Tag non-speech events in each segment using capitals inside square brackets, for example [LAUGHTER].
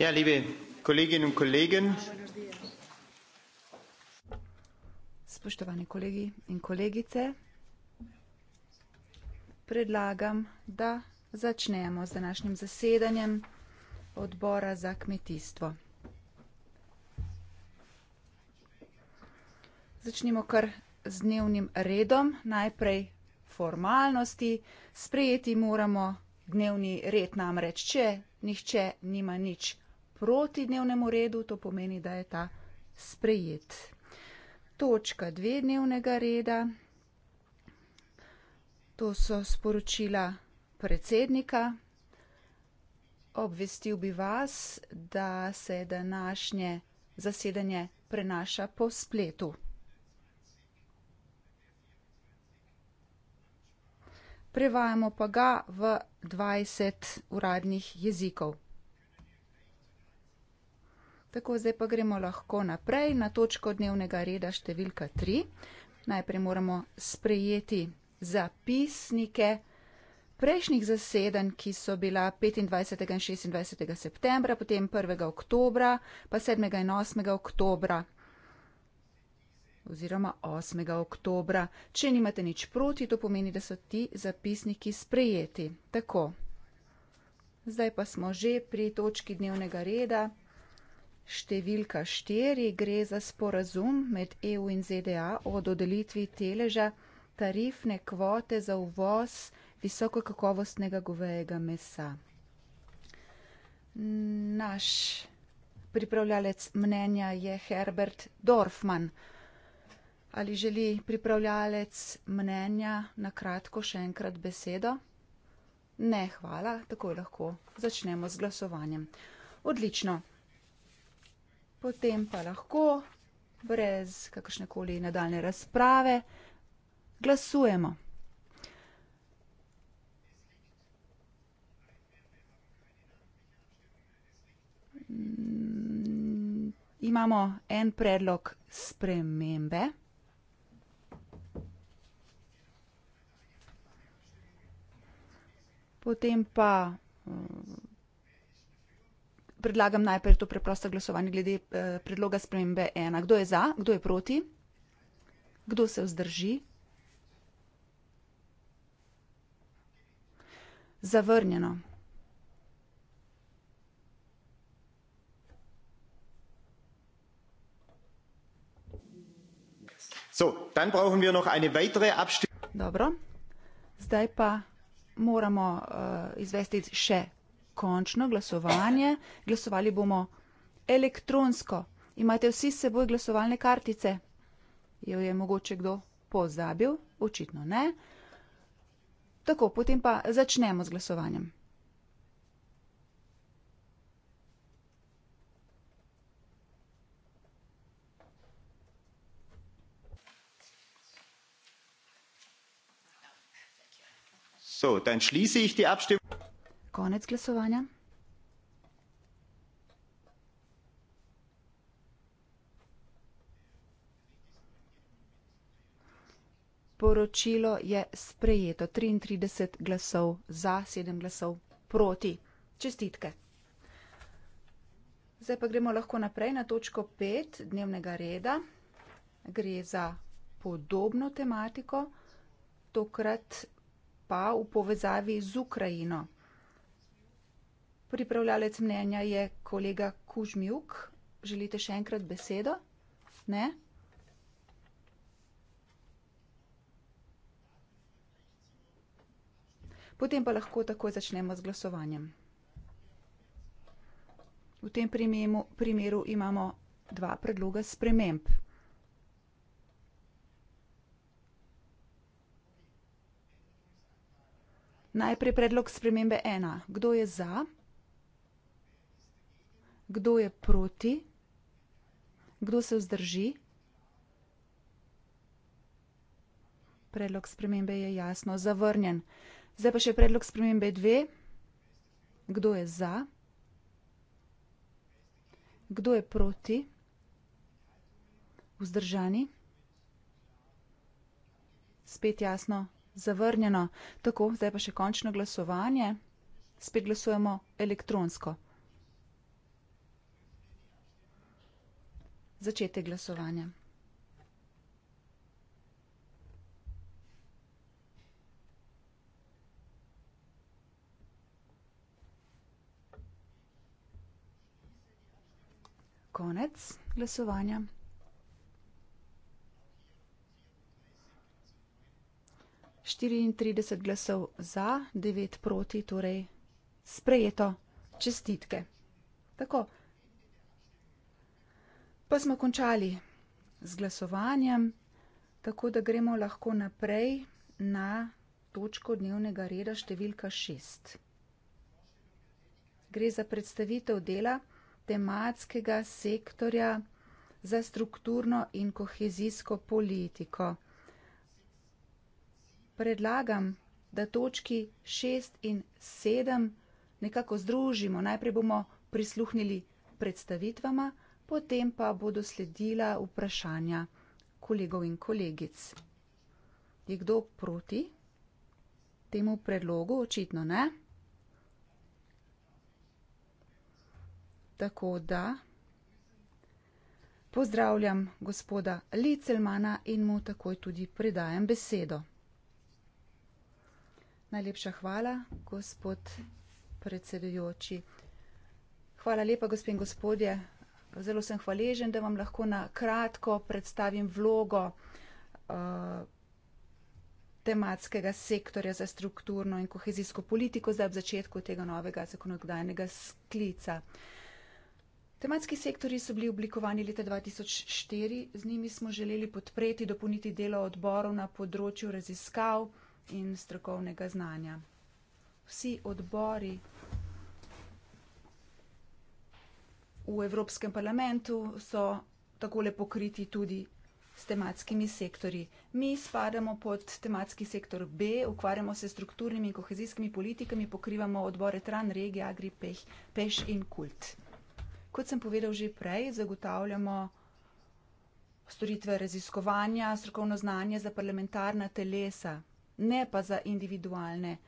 Ja, liebe Kolleginnen und Kollegen, Spoštovani kolegi in kolegice, predlagam, da začnemo z današnjim zasedanjem odbora za kmetijstvo. Začnimo kar z dnevnim redom, najprej formalnosti. Sprejeti moramo dnevni red namreč, če nihče nima nič proti dnevnemu redu, to pomeni, da je ta sprejet. Točka dve dnevnega reda, to so sporočila predsednika. Obvestil bi vas, da se današnje zasedanje prenaša po spletu. Prevajamo pa ga v 20 uradnih jezikov. Tako, zdaj pa gremo lahko naprej na točko dnevnega reda številka 3. Najprej moramo sprejeti zapisnike prejšnjih zaseden, ki so bila 25. in 26. septembra, potem 1. oktobra, pa 7. in 8. oktobra oziroma 8. oktobra. Če nimate nič proti, to pomeni, da so ti zapisniki sprejeti. Tako. Zdaj pa smo že pri točki dnevnega reda številka štiri gre za sporazum med EU in ZDA o dodelitvi teleža tarifne kvote za uvoz visokokakovostnega govejega mesa. Naš pripravljalec mnenja je Herbert Dorfman. Ali želi pripravljalec mnenja na kratko še enkrat besedo? Ne, hvala, tako lahko začnemo z glasovanjem. Odlično potem pa lahko brez kakršnekoli nadaljne razprave glasujemo. Mm, imamo en predlog spremembe. Potem pa, mm, predlagam najprej to preprosto glasovanje glede eh, predloga spremembe ena. Kdo je za, kdo je proti? Kdo se vzdrži? Zavrnjeno. So, dan brauchen wir noch eine weitere Abstimmung. Dobro. Zdaj pa moramo uh, izvesti še končno glasovanje. Glasovali bomo elektronsko. Imate vsi s seboj glasovalne kartice? Jo je mogoče kdo pozabil? Očitno ne. Tako, potem pa začnemo z glasovanjem. So, dann schließe ich die Abstimmung. Konec glasovanja. Poročilo je sprejeto. 33 glasov za, 7 glasov proti. Čestitke. Zdaj pa gremo lahko naprej na točko 5 dnevnega reda. Gre za podobno tematiko, tokrat pa v povezavi z Ukrajino. Pripravljalec mnenja je kolega Kužmjuk. Želite še enkrat besedo? Ne? Potem pa lahko takoj začnemo z glasovanjem. V tem primemu, primeru imamo dva predloga sprememb. Najprej predlog spremembe ena. Kdo je za? kdo je proti, kdo se vzdrži. Predlog spremembe je jasno zavrnjen. Zdaj pa še predlog spremembe dve. Kdo je za? Kdo je proti? Vzdržani? Spet jasno zavrnjeno. Tako, zdaj pa še končno glasovanje. Spet glasujemo elektronsko. začetek glasovanja. Konec glasovanja. Štiriintrideset glasov za, devet proti, torej sprejeto. Čestitke. Tako. Pa smo končali z glasovanjem, tako da gremo lahko naprej na točko dnevnega reda številka 6. Gre za predstavitev dela tematskega sektorja za strukturno in kohezijsko politiko. Predlagam, da točki 6 in 7 nekako združimo. Najprej bomo prisluhnili predstavitvama potem pa bodo sledila vprašanja kolegov in kolegic. Je kdo proti temu predlogu? Očitno ne. Tako da pozdravljam gospoda Licelmana in mu takoj tudi predajem besedo. Najlepša hvala, gospod predsedujoči. Hvala lepa, gospod in gospodje, zelo sem hvaležen, da vam lahko na kratko predstavim vlogo uh, tematskega sektorja za strukturno in kohezijsko politiko zdaj ob začetku tega novega zakonodajnega sklica. Tematski sektori so bili oblikovani leta 2004, z njimi smo želeli podpreti, dopolniti delo odborov na področju raziskav in strokovnega znanja. Vsi odbori v Evropskem parlamentu so takole pokriti tudi s tematskimi sektori. Mi spadamo pod tematski sektor B, ukvarjamo se s strukturnimi in kohezijskimi politikami, pokrivamo odbore Tran, Regija, Agri, Peh, Peš in Kult. Kot sem povedal že prej, zagotavljamo storitve raziskovanja, strokovno znanje za parlamentarna telesa, ne pa za individualne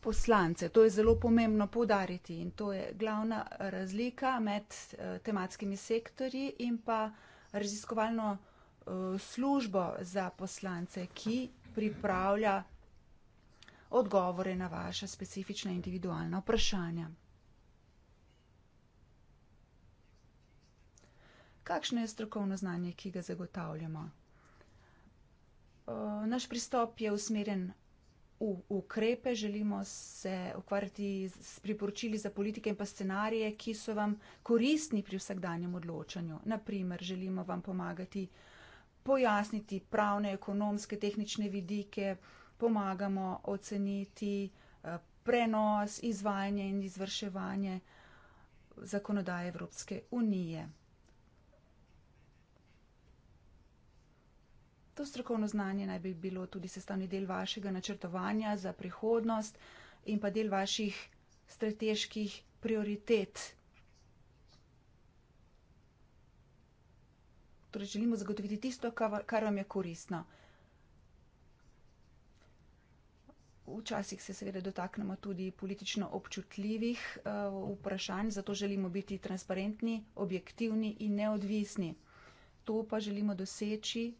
poslance. To je zelo pomembno poudariti in to je glavna razlika med eh, tematskimi sektorji in pa raziskovalno eh, službo za poslance, ki pripravlja odgovore na vaše specifične individualne vprašanja. Kakšno je strokovno znanje, ki ga zagotavljamo? Eh, naš pristop je usmerjen ukrepe, želimo se ukvarjati s priporočili za politike in pa scenarije, ki so vam koristni pri vsakdanjem odločanju. Naprimer, želimo vam pomagati pojasniti pravne, ekonomske, tehnične vidike, pomagamo oceniti eh, prenos, izvajanje in izvrševanje zakonodaje Evropske unije. To strokovno znanje naj bi bilo tudi sestavni del vašega načrtovanja za prihodnost in pa del vaših strateških prioritet. Torej želimo zagotoviti tisto, kar vam je koristno. Včasih se seveda dotaknemo tudi politično občutljivih eh, vprašanj, zato želimo biti transparentni, objektivni in neodvisni. To pa želimo doseči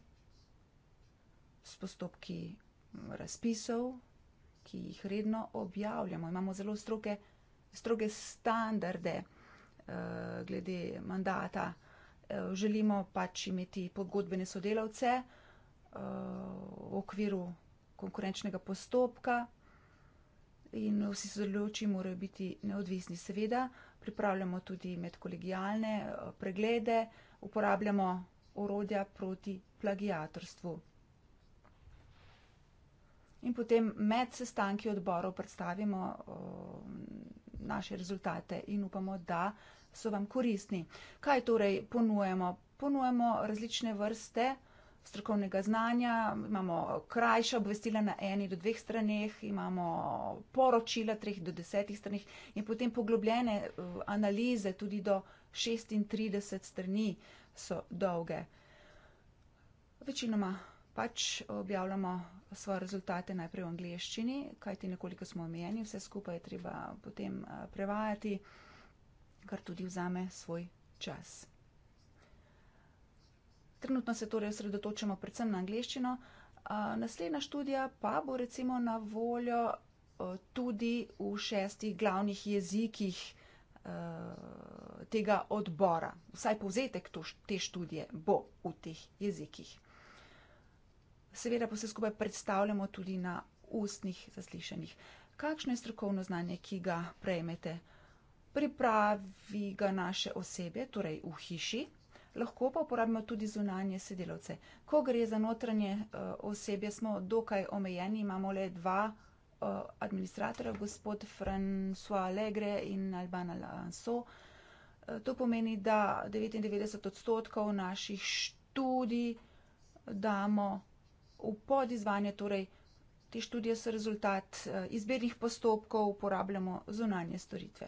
s postopki mm, razpisov, ki jih redno objavljamo. Imamo zelo stroge, stroge standarde eh, glede mandata. Eh, želimo pač imeti pogodbene sodelavce eh, v okviru konkurenčnega postopka in vsi sodelujoči morajo biti neodvisni. Seveda pripravljamo tudi medkolegijalne preglede, uporabljamo orodja proti plagijatorstvu in potem med sestanki odborov predstavimo naše rezultate in upamo, da so vam koristni. Kaj torej ponujemo? Ponujemo različne vrste strokovnega znanja, imamo krajša obvestila na eni do dveh straneh, imamo poročila treh do desetih straneh in potem poglobljene analize tudi do 36 strani so dolge. Večinoma pač objavljamo svoje rezultate najprej v angleščini, kajti nekoliko smo omejeni, vse skupaj je treba potem eh, prevajati, kar tudi vzame svoj čas. Trenutno se torej osredotočamo predvsem na angleščino, naslednja študija pa bo recimo na voljo eh, tudi v šestih glavnih jezikih eh, tega odbora. Vsaj povzetek te študije bo v teh jezikih. Seveda pa vse skupaj predstavljamo tudi na ustnih zaslišanjih. Kakšno je strokovno znanje, ki ga prejmete? Pripravi ga naše osebe, torej v hiši, lahko pa uporabimo tudi zunanje sedelovce. Ko gre za notranje eh, osebe, smo dokaj omejeni, imamo le dva eh, administratorja, gospod François Legre in Alban Alanso. Eh, to pomeni, da 99 odstotkov naših študij damo v podizvanje, torej te študije so rezultat eh, izbirnih postopkov, uporabljamo zunanje storitve.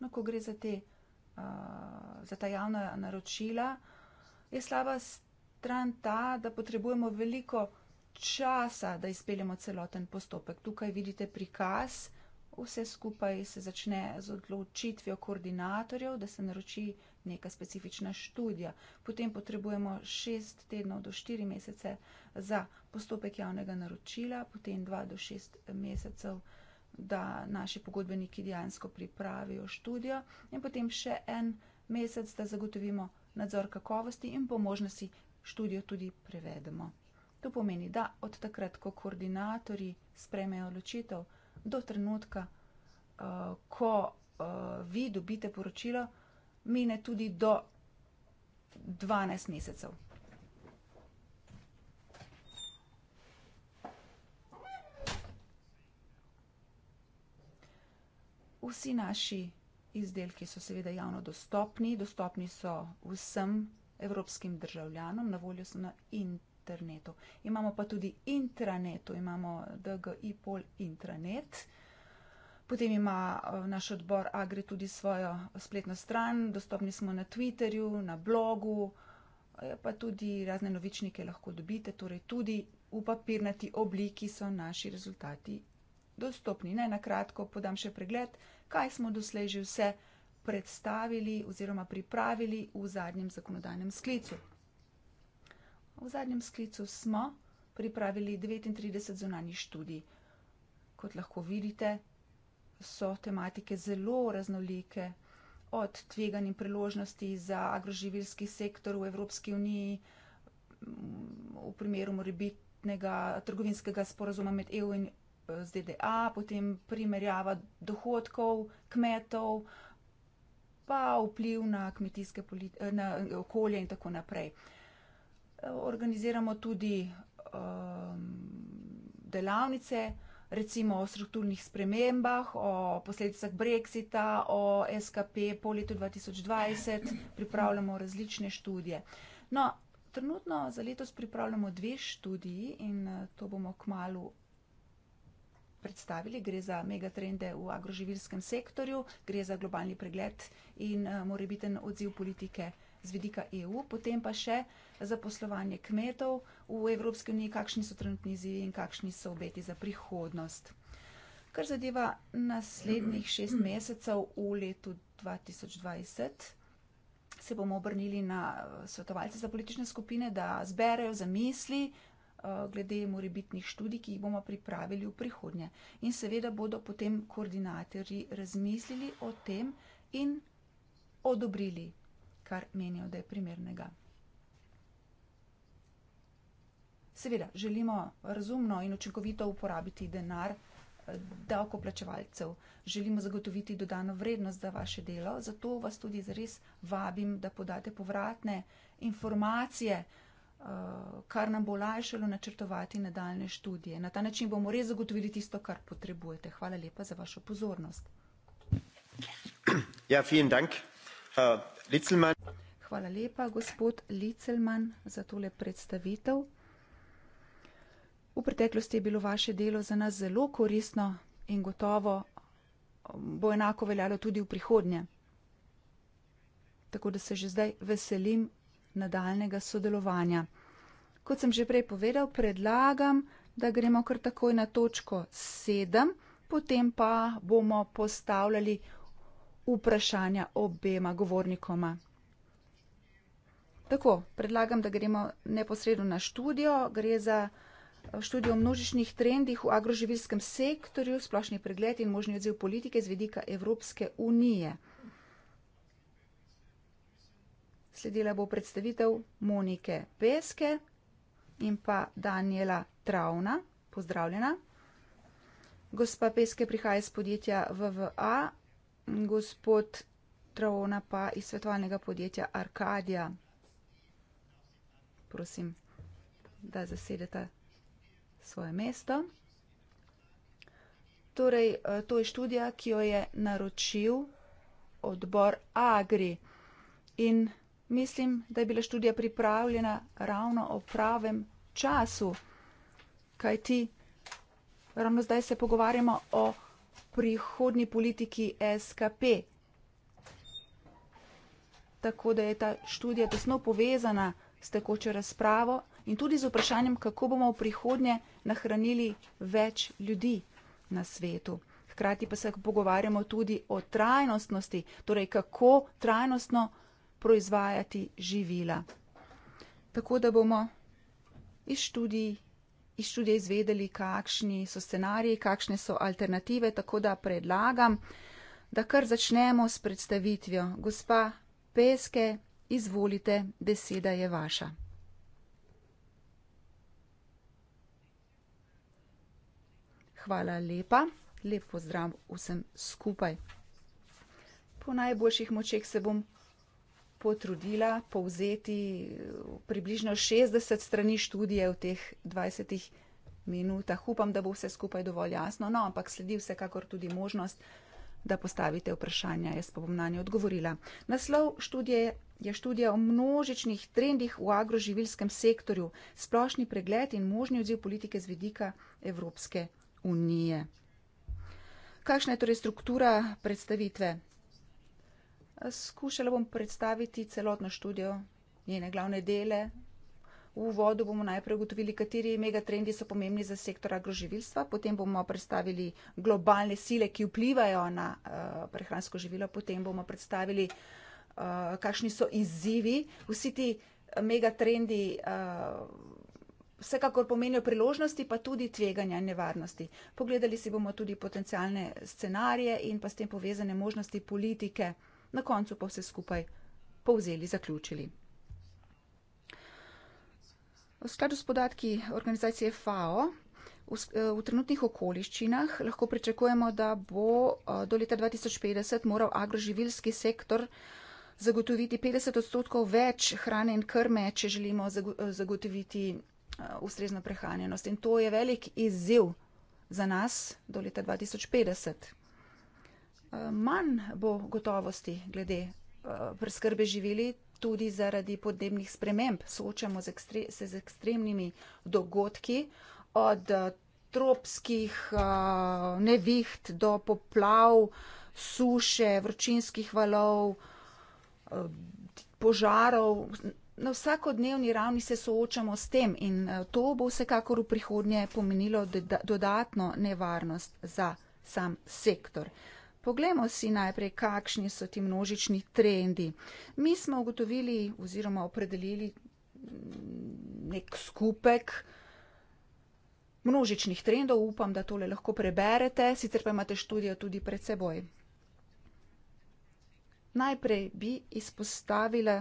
No, ko gre za te, eh, za ta javna naročila, je slaba stran ta, da potrebujemo veliko časa, da izpeljemo celoten postopek. Tukaj vidite prikaz, vse skupaj se začne z odločitvijo koordinatorjev, da se naroči neka specifična študija. Potem potrebujemo šest tednov do štiri mesece za postopek javnega naročila, potem dva do šest mesecev, da naši pogodbeniki dejansko pripravijo študijo in potem še en mesec, da zagotovimo nadzor kakovosti in po možnosti študijo tudi prevedemo. To pomeni, da od takrat, ko koordinatorji sprejmejo odločitev, do trenutka, uh, ko uh, vi dobite poročilo, mine tudi do 12 mesecev. Vsi naši izdelki so seveda javno dostopni, dostopni so vsem evropskim državljanom, na voljo so na internetu internetu. Imamo pa tudi intranetu, imamo DGI pol intranet. Potem ima eh, naš odbor Agri tudi svojo spletno stran, dostopni smo na Twitterju, na blogu, pa tudi razne novičnike lahko dobite, torej tudi v papirnati obliki so naši rezultati dostopni. Naj na kratko podam še pregled, kaj smo doslej že vse predstavili oziroma pripravili v zadnjem zakonodajnem sklicu. V zadnjem sklicu smo pripravili 39 zunanjih študij. Kot lahko vidite, so tematike zelo raznolike, od tvegan in priložnosti za agroživilski sektor v Evropski uniji, v primeru morebitnega trgovinskega sporazuma med EU in eh, ZDA, potem primerjava dohodkov kmetov, pa vpliv na kmetijske politike, na okolje in tako naprej organiziramo tudi um, delavnice, recimo o strukturnih spremembah, o posledicah Brexita, o SKP po letu 2020, pripravljamo različne študije. No, trenutno za letos pripravljamo dve študiji in eh, to bomo k malu predstavili. Gre za megatrende v agroživilskem sektorju, gre za globalni pregled in eh, morebiten odziv politike z vidika EU, potem pa še zaposlovanje kmetov v Evropski uniji, kakšni so trenutni izzivi in kakšni so obeti za prihodnost. Kar zadeva naslednjih šest mesecev v letu 2020, se bomo obrnili na eh, svetovalce za politične skupine, da zberejo za misli eh, glede morebitnih študij, ki jih bomo pripravili v prihodnje. In seveda bodo potem koordinatorji razmislili o tem in odobrili kar menijo, da je primernega. Seveda, želimo razumno in učinkovito uporabiti denar eh, davkoplačevalcev. Želimo zagotoviti dodano vrednost za vaše delo, zato vas tudi zares vabim, da podate povratne informacije, eh, kar nam bo lajšalo načrtovati nadaljne študije. Na ta način bomo res zagotovili tisto, kar potrebujete. Hvala lepa za vašo pozornost. Ja, vielen Dank. Äh, Litzelman. Hvala lepa, gospod Litzelman, za tole predstavitev. V preteklosti je bilo vaše delo za nas zelo koristno in gotovo um, bo enako veljalo tudi v prihodnje. Tako da se že zdaj veselim nadaljnega sodelovanja. Kot sem že prej povedal, predlagam, da gremo kar takoj na točko 7, potem pa bomo postavljali vprašanja obema govornikoma. Tako, predlagam, da gremo neposredno na študijo. Gre za eh, študijo o množičnih trendih v agroživilskem sektorju, splošni pregled in možni odziv politike z vidika Evropske unije. Sledila bo predstavitev Monike Peske in pa Daniela Travna. Pozdravljena. Gospa Peske prihaja iz podjetja VVA, gospod Travona pa iz svetovalnega podjetja Arkadija. Prosim, da zasedete svoje mesto. Torej, eh, to je študija, ki jo je naročil odbor Agri. In mislim, da je bila študija pripravljena ravno o pravem času, kaj ti ravno zdaj se pogovarjamo o prihodni politiki SKP. Tako da je ta študija tesno povezana s tekočo razpravo in tudi z vprašanjem, kako bomo v prihodnje nahranili več ljudi na svetu. Hkrati pa se pogovarjamo tudi o trajnostnosti, torej kako trajnostno proizvajati živila. Tako da bomo iz študij iz študije izvedeli, kakšni so scenariji, kakšne so alternative, tako da predlagam, da kar začnemo s predstavitvijo. Gospa Peske, izvolite, beseda je vaša. Hvala lepa, lep pozdrav vsem skupaj. Po najboljših močeh se bom potrudila povzeti približno 60 strani študije v teh 20 minutah. Upam, da bo vse skupaj dovolj jasno, no, ampak sledi vsekakor tudi možnost, da postavite vprašanja. Jaz pa bom na nje odgovorila. Naslov študije je študija o množičnih trendih v agroživilskem sektorju, splošni pregled in možni odziv politike z vidika Evropske unije. Kakšna je torej struktura predstavitve? Skušala bom predstaviti celotno študijo, njene glavne dele. V uvodu bomo najprej ugotovili, kateri megatrendi so pomembni za sektor agroživilstva, potem bomo predstavili globalne sile, ki vplivajo na uh, prehransko živilo, potem bomo predstavili, uh, kakšni so izzivi. Vsi ti megatrendi uh, vsekakor pomenijo priložnosti, pa tudi tveganja in nevarnosti. Pogledali si bomo tudi potencijalne scenarije in pa s tem povezane možnosti politike na koncu pa vse skupaj povzeli, zaključili. V skladu s podatki organizacije FAO, v eh, trenutnih okoliščinah lahko pričakujemo, da bo eh, do leta 2050 moral agroživilski sektor zagotoviti 50 odstotkov več hrane in krme, če želimo eh, zagotoviti ustrezno prehranjenost. In to je velik izziv za nas do leta 2050 manj bo gotovosti glede eh, preskrbe živili, tudi zaradi podnebnih sprememb. Soočamo se z ekstremnimi dogodki, od eh, tropskih eh, neviht do poplav, suše, vročinskih valov, požarov. Na vsakodnevni ravni se soočamo s tem in to bo vsekakor v prihodnje pomenilo dodatno nevarnost za sam sektor. Poglejmo si najprej, kakšni so ti množični trendi. Mi smo ugotovili oziroma opredelili nek skupek množičnih trendov, upam, da tole lahko preberete, sicer pa imate študijo tudi pred seboj. Najprej bi izpostavila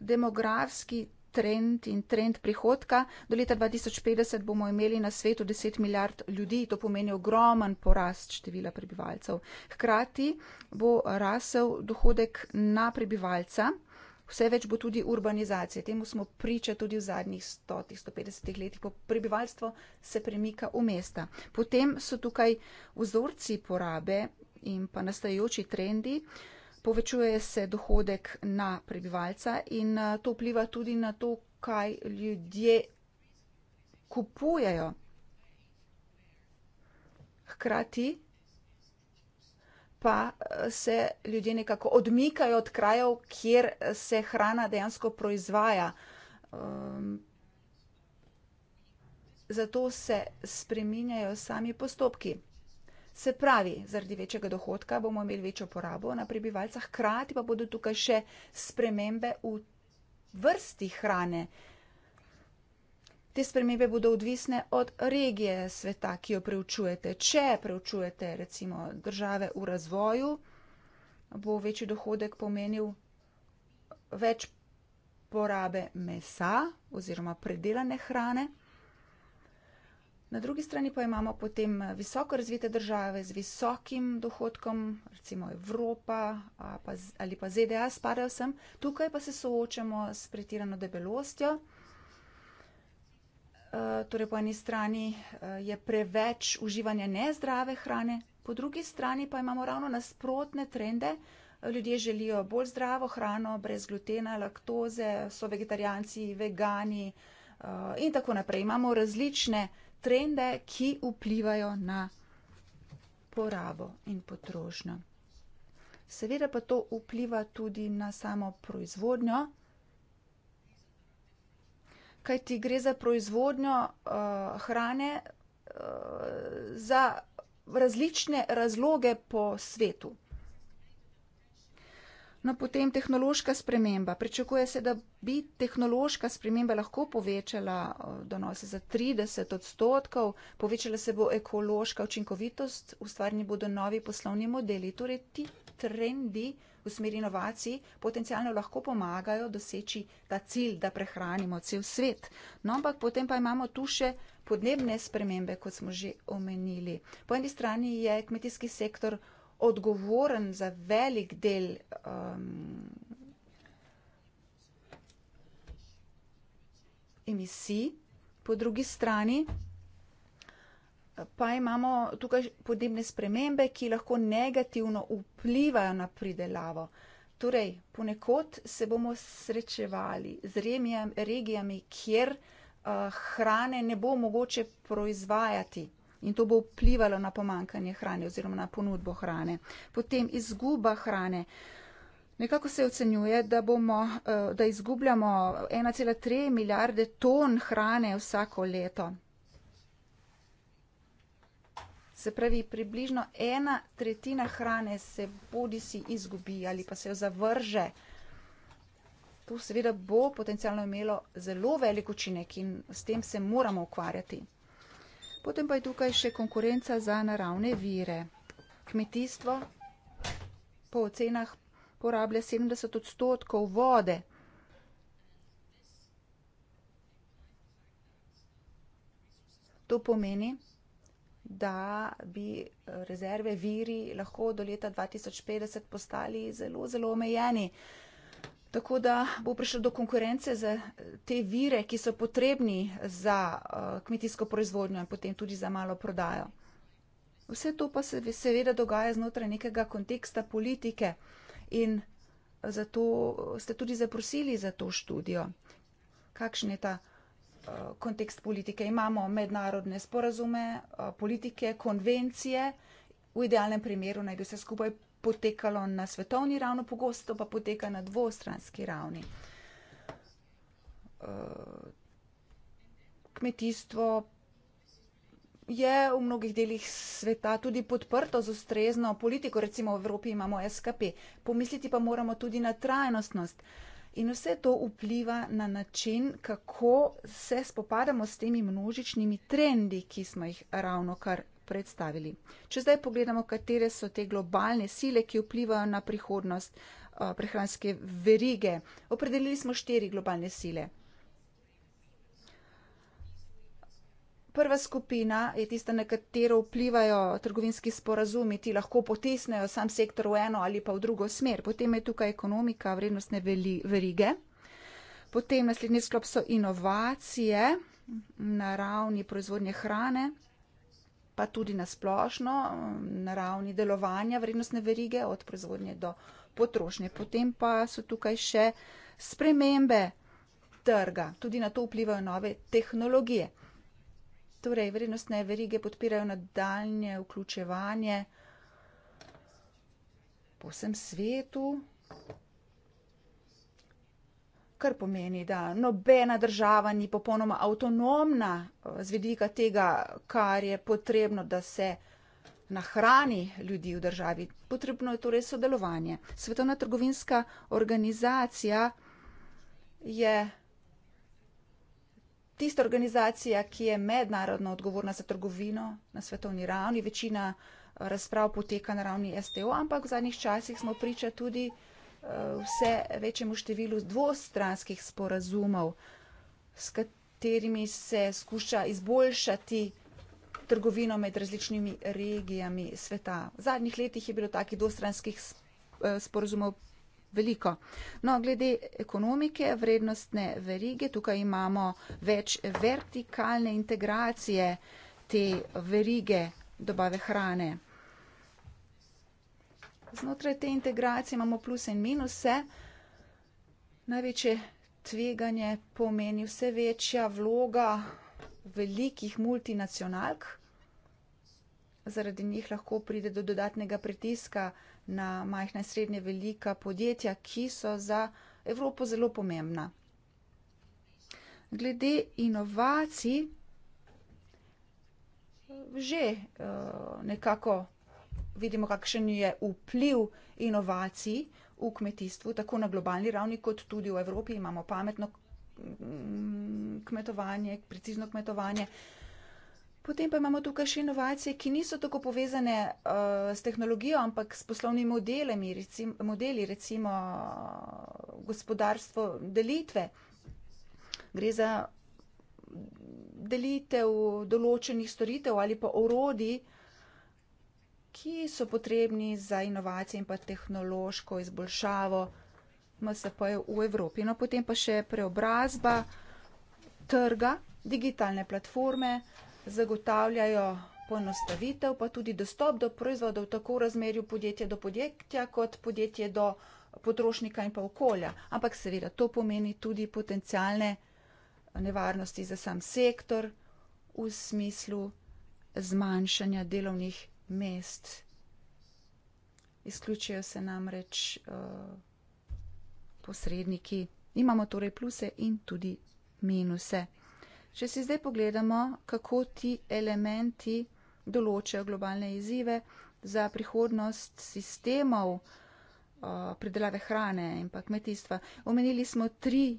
demografski trend in trend prihodka. Do leta 2050 bomo imeli na svetu 10 milijard ljudi, to pomeni ogroman porast števila prebivalcev. Hkrati bo rasel dohodek na prebivalca, vse več bo tudi urbanizacije. Temu smo priča tudi v zadnjih 100-150 letih, ko prebivalstvo se premika v mesta. Potem so tukaj vzorci porabe in pa nastajajoči trendi povečuje se dohodek na prebivalca in eh, to vpliva tudi na to, kaj ljudje kupujejo. Hkrati pa eh, se ljudje nekako odmikajo od krajev, kjer eh, se hrana dejansko proizvaja. Ehm, zato se spreminjajo sami postopki. Se pravi, zaradi večjega dohodka bomo imeli večjo porabo na prebivalca, hkrati pa bodo tukaj še spremembe v vrsti hrane. Te spremembe bodo odvisne od regije sveta, ki jo preučujete. Če preučujete recimo države v razvoju, bo večji dohodek pomenil več porabe mesa oziroma predelane hrane. Na drugi strani pa imamo potem eh, visoko razvite države z visokim dohodkom, recimo Evropa ali pa ZDA spadajo sem, tukaj pa se soočamo s pretirano debelostjo. Eh, torej po eni strani eh, je preveč uživanja nezdrave hrane, po drugi strani pa imamo ravno nasprotne trende. Ljudje želijo bolj zdravo hrano, brez glutena, laktoze, so vegetarijanci, vegani in tako naprej. Imamo različne trende trende, ki vplivajo na porabo in potrošnjo. Seveda pa to vpliva tudi na samo proizvodnjo, kaj ti gre za proizvodnjo uh, hrane uh, za različne razloge po svetu. No, potem tehnološka sprememba. Pričakuje se, da bi tehnološka sprememba lahko povečala donose za 30 odstotkov, povečala se bo ekološka učinkovitost, ustvarjeni bodo novi poslovni modeli. Torej, ti trendi v smeri inovacij potencialno lahko pomagajo doseči ta cilj, da prehranimo cel svet. No, ampak potem pa imamo tu še podnebne spremembe, kot smo že omenili. Po eni strani je kmetijski sektor odgovoren za velik del um, emisij, po drugi strani pa imamo tukaj podnebne spremembe, ki lahko negativno vplivajo na pridelavo. Torej, ponekod se bomo srečevali z regijami, kjer uh, hrane ne bo mogoče proizvajati in to bo vplivalo na pomankanje hrane oziroma na ponudbo hrane. Potem izguba hrane. Nekako se ocenjuje, da, bomo, eh, da izgubljamo 1,3 milijarde ton hrane vsako leto. Se pravi, približno ena tretjina hrane se bodi si izgubi ali pa se jo zavrže. To seveda bo potencialno imelo zelo velik učinek in s tem se moramo ukvarjati. Potem pa je tukaj še konkurenca za naravne vire. Kmetijstvo po ocenah porablja 70 odstotkov vode. To pomeni, da bi rezerve viri lahko do leta 2050 postali zelo, zelo omejeni. Tako da bo prišlo do konkurence za eh, te vire, ki so potrebni za eh, kmetijsko proizvodnjo in potem tudi za malo prodajo. Vse to pa se seveda dogaja znotraj nekega konteksta politike in eh, zato ste tudi zaprosili za to študijo. Kakšen je ta kontekst politike? Imamo mednarodne sporazume, politike, konvencije, v idealnem primeru naj bi vse skupaj potekalo na svetovni ravni, pogosto pa poteka na dvostranski ravni. Eh, kmetijstvo je v mnogih delih sveta tudi podprto z ustrezno politiko, recimo v Evropi imamo SKP. Pomisliti pa moramo tudi na trajnostnost. In vse to vpliva na način, kako se spopadamo s temi množičnimi trendi, ki smo jih ravno kar predstavili. Če zdaj pogledamo, katere so te globalne sile, ki vplivajo na prihodnost uh, prehranske verige. Opredelili smo štiri globalne sile. Prva skupina je tista, na katero vplivajo trgovinski sporazumi, ti lahko potisnejo sam sektor v eno ali pa v drugo smer. Potem je tukaj ekonomika, vrednostne veli, verige. Potem naslednji sklop so inovacije na ravni proizvodnje hrane, pa tudi na splošno, um, na ravni delovanja vrednostne verige od proizvodnje do potrošnje. Potem pa so tukaj še spremembe trga, tudi na to vplivajo nove tehnologije. Torej, vrednostne verige podpirajo nadaljne vključevanje po vsem svetu. Kar pomeni, da nobena država ni popolnoma avtonomna eh, z vidika tega, kar je potrebno, da se nahrani ljudi v državi. Potrebno je torej sodelovanje. Svetovna trgovinska organizacija je tista organizacija, ki je mednarodno odgovorna za trgovino na svetovni ravni. Večina eh, razprav poteka na ravni STO, ampak v zadnjih časih smo priča tudi vse večjemu številu dvostranskih sporazumov, s katerimi se skuša izboljšati trgovino med različnimi regijami sveta. V zadnjih letih je bilo takih dvostranskih eh, sporazumov veliko. No, glede ekonomike, vrednostne verige, tukaj imamo več vertikalne integracije te verige dobave hrane znotraj te integracije imamo pluse in minuse. Največje tveganje pomeni vse večja vloga velikih multinacionalk. Zaradi njih lahko pride do dodatnega pritiska na majhna in srednje velika podjetja, ki so za Evropo zelo pomembna. Glede inovacij, že eh, nekako vidimo, kakšen je vpliv inovacij v kmetijstvu, tako na globalni ravni, kot tudi v Evropi. Imamo pametno mm, kmetovanje, precizno kmetovanje. Potem pa imamo tukaj še inovacije, ki niso tako povezane uh, s tehnologijo, ampak s poslovnimi modeli, recimo, modeli, recimo uh, gospodarstvo delitve. Gre za delitev določenih storitev ali pa orodij uh, ki so potrebni za inovacije in pa tehnološko izboljšavo MSP v Evropi. No, potem pa še preobrazba trga, digitalne platforme zagotavljajo ponostavitev, pa tudi dostop do proizvodov tako v razmerju podjetja do podjetja, kot podjetje do potrošnika in pa okolja. Ampak seveda to pomeni tudi potencijalne nevarnosti za sam sektor v smislu zmanjšanja delovnih mest. Izključijo se namreč uh, posredniki. Imamo torej pluse in tudi minuse. Če si zdaj pogledamo, kako ti elementi določajo globalne izzive za prihodnost sistemov uh, eh, pridelave hrane in pa kmetijstva. Omenili smo tri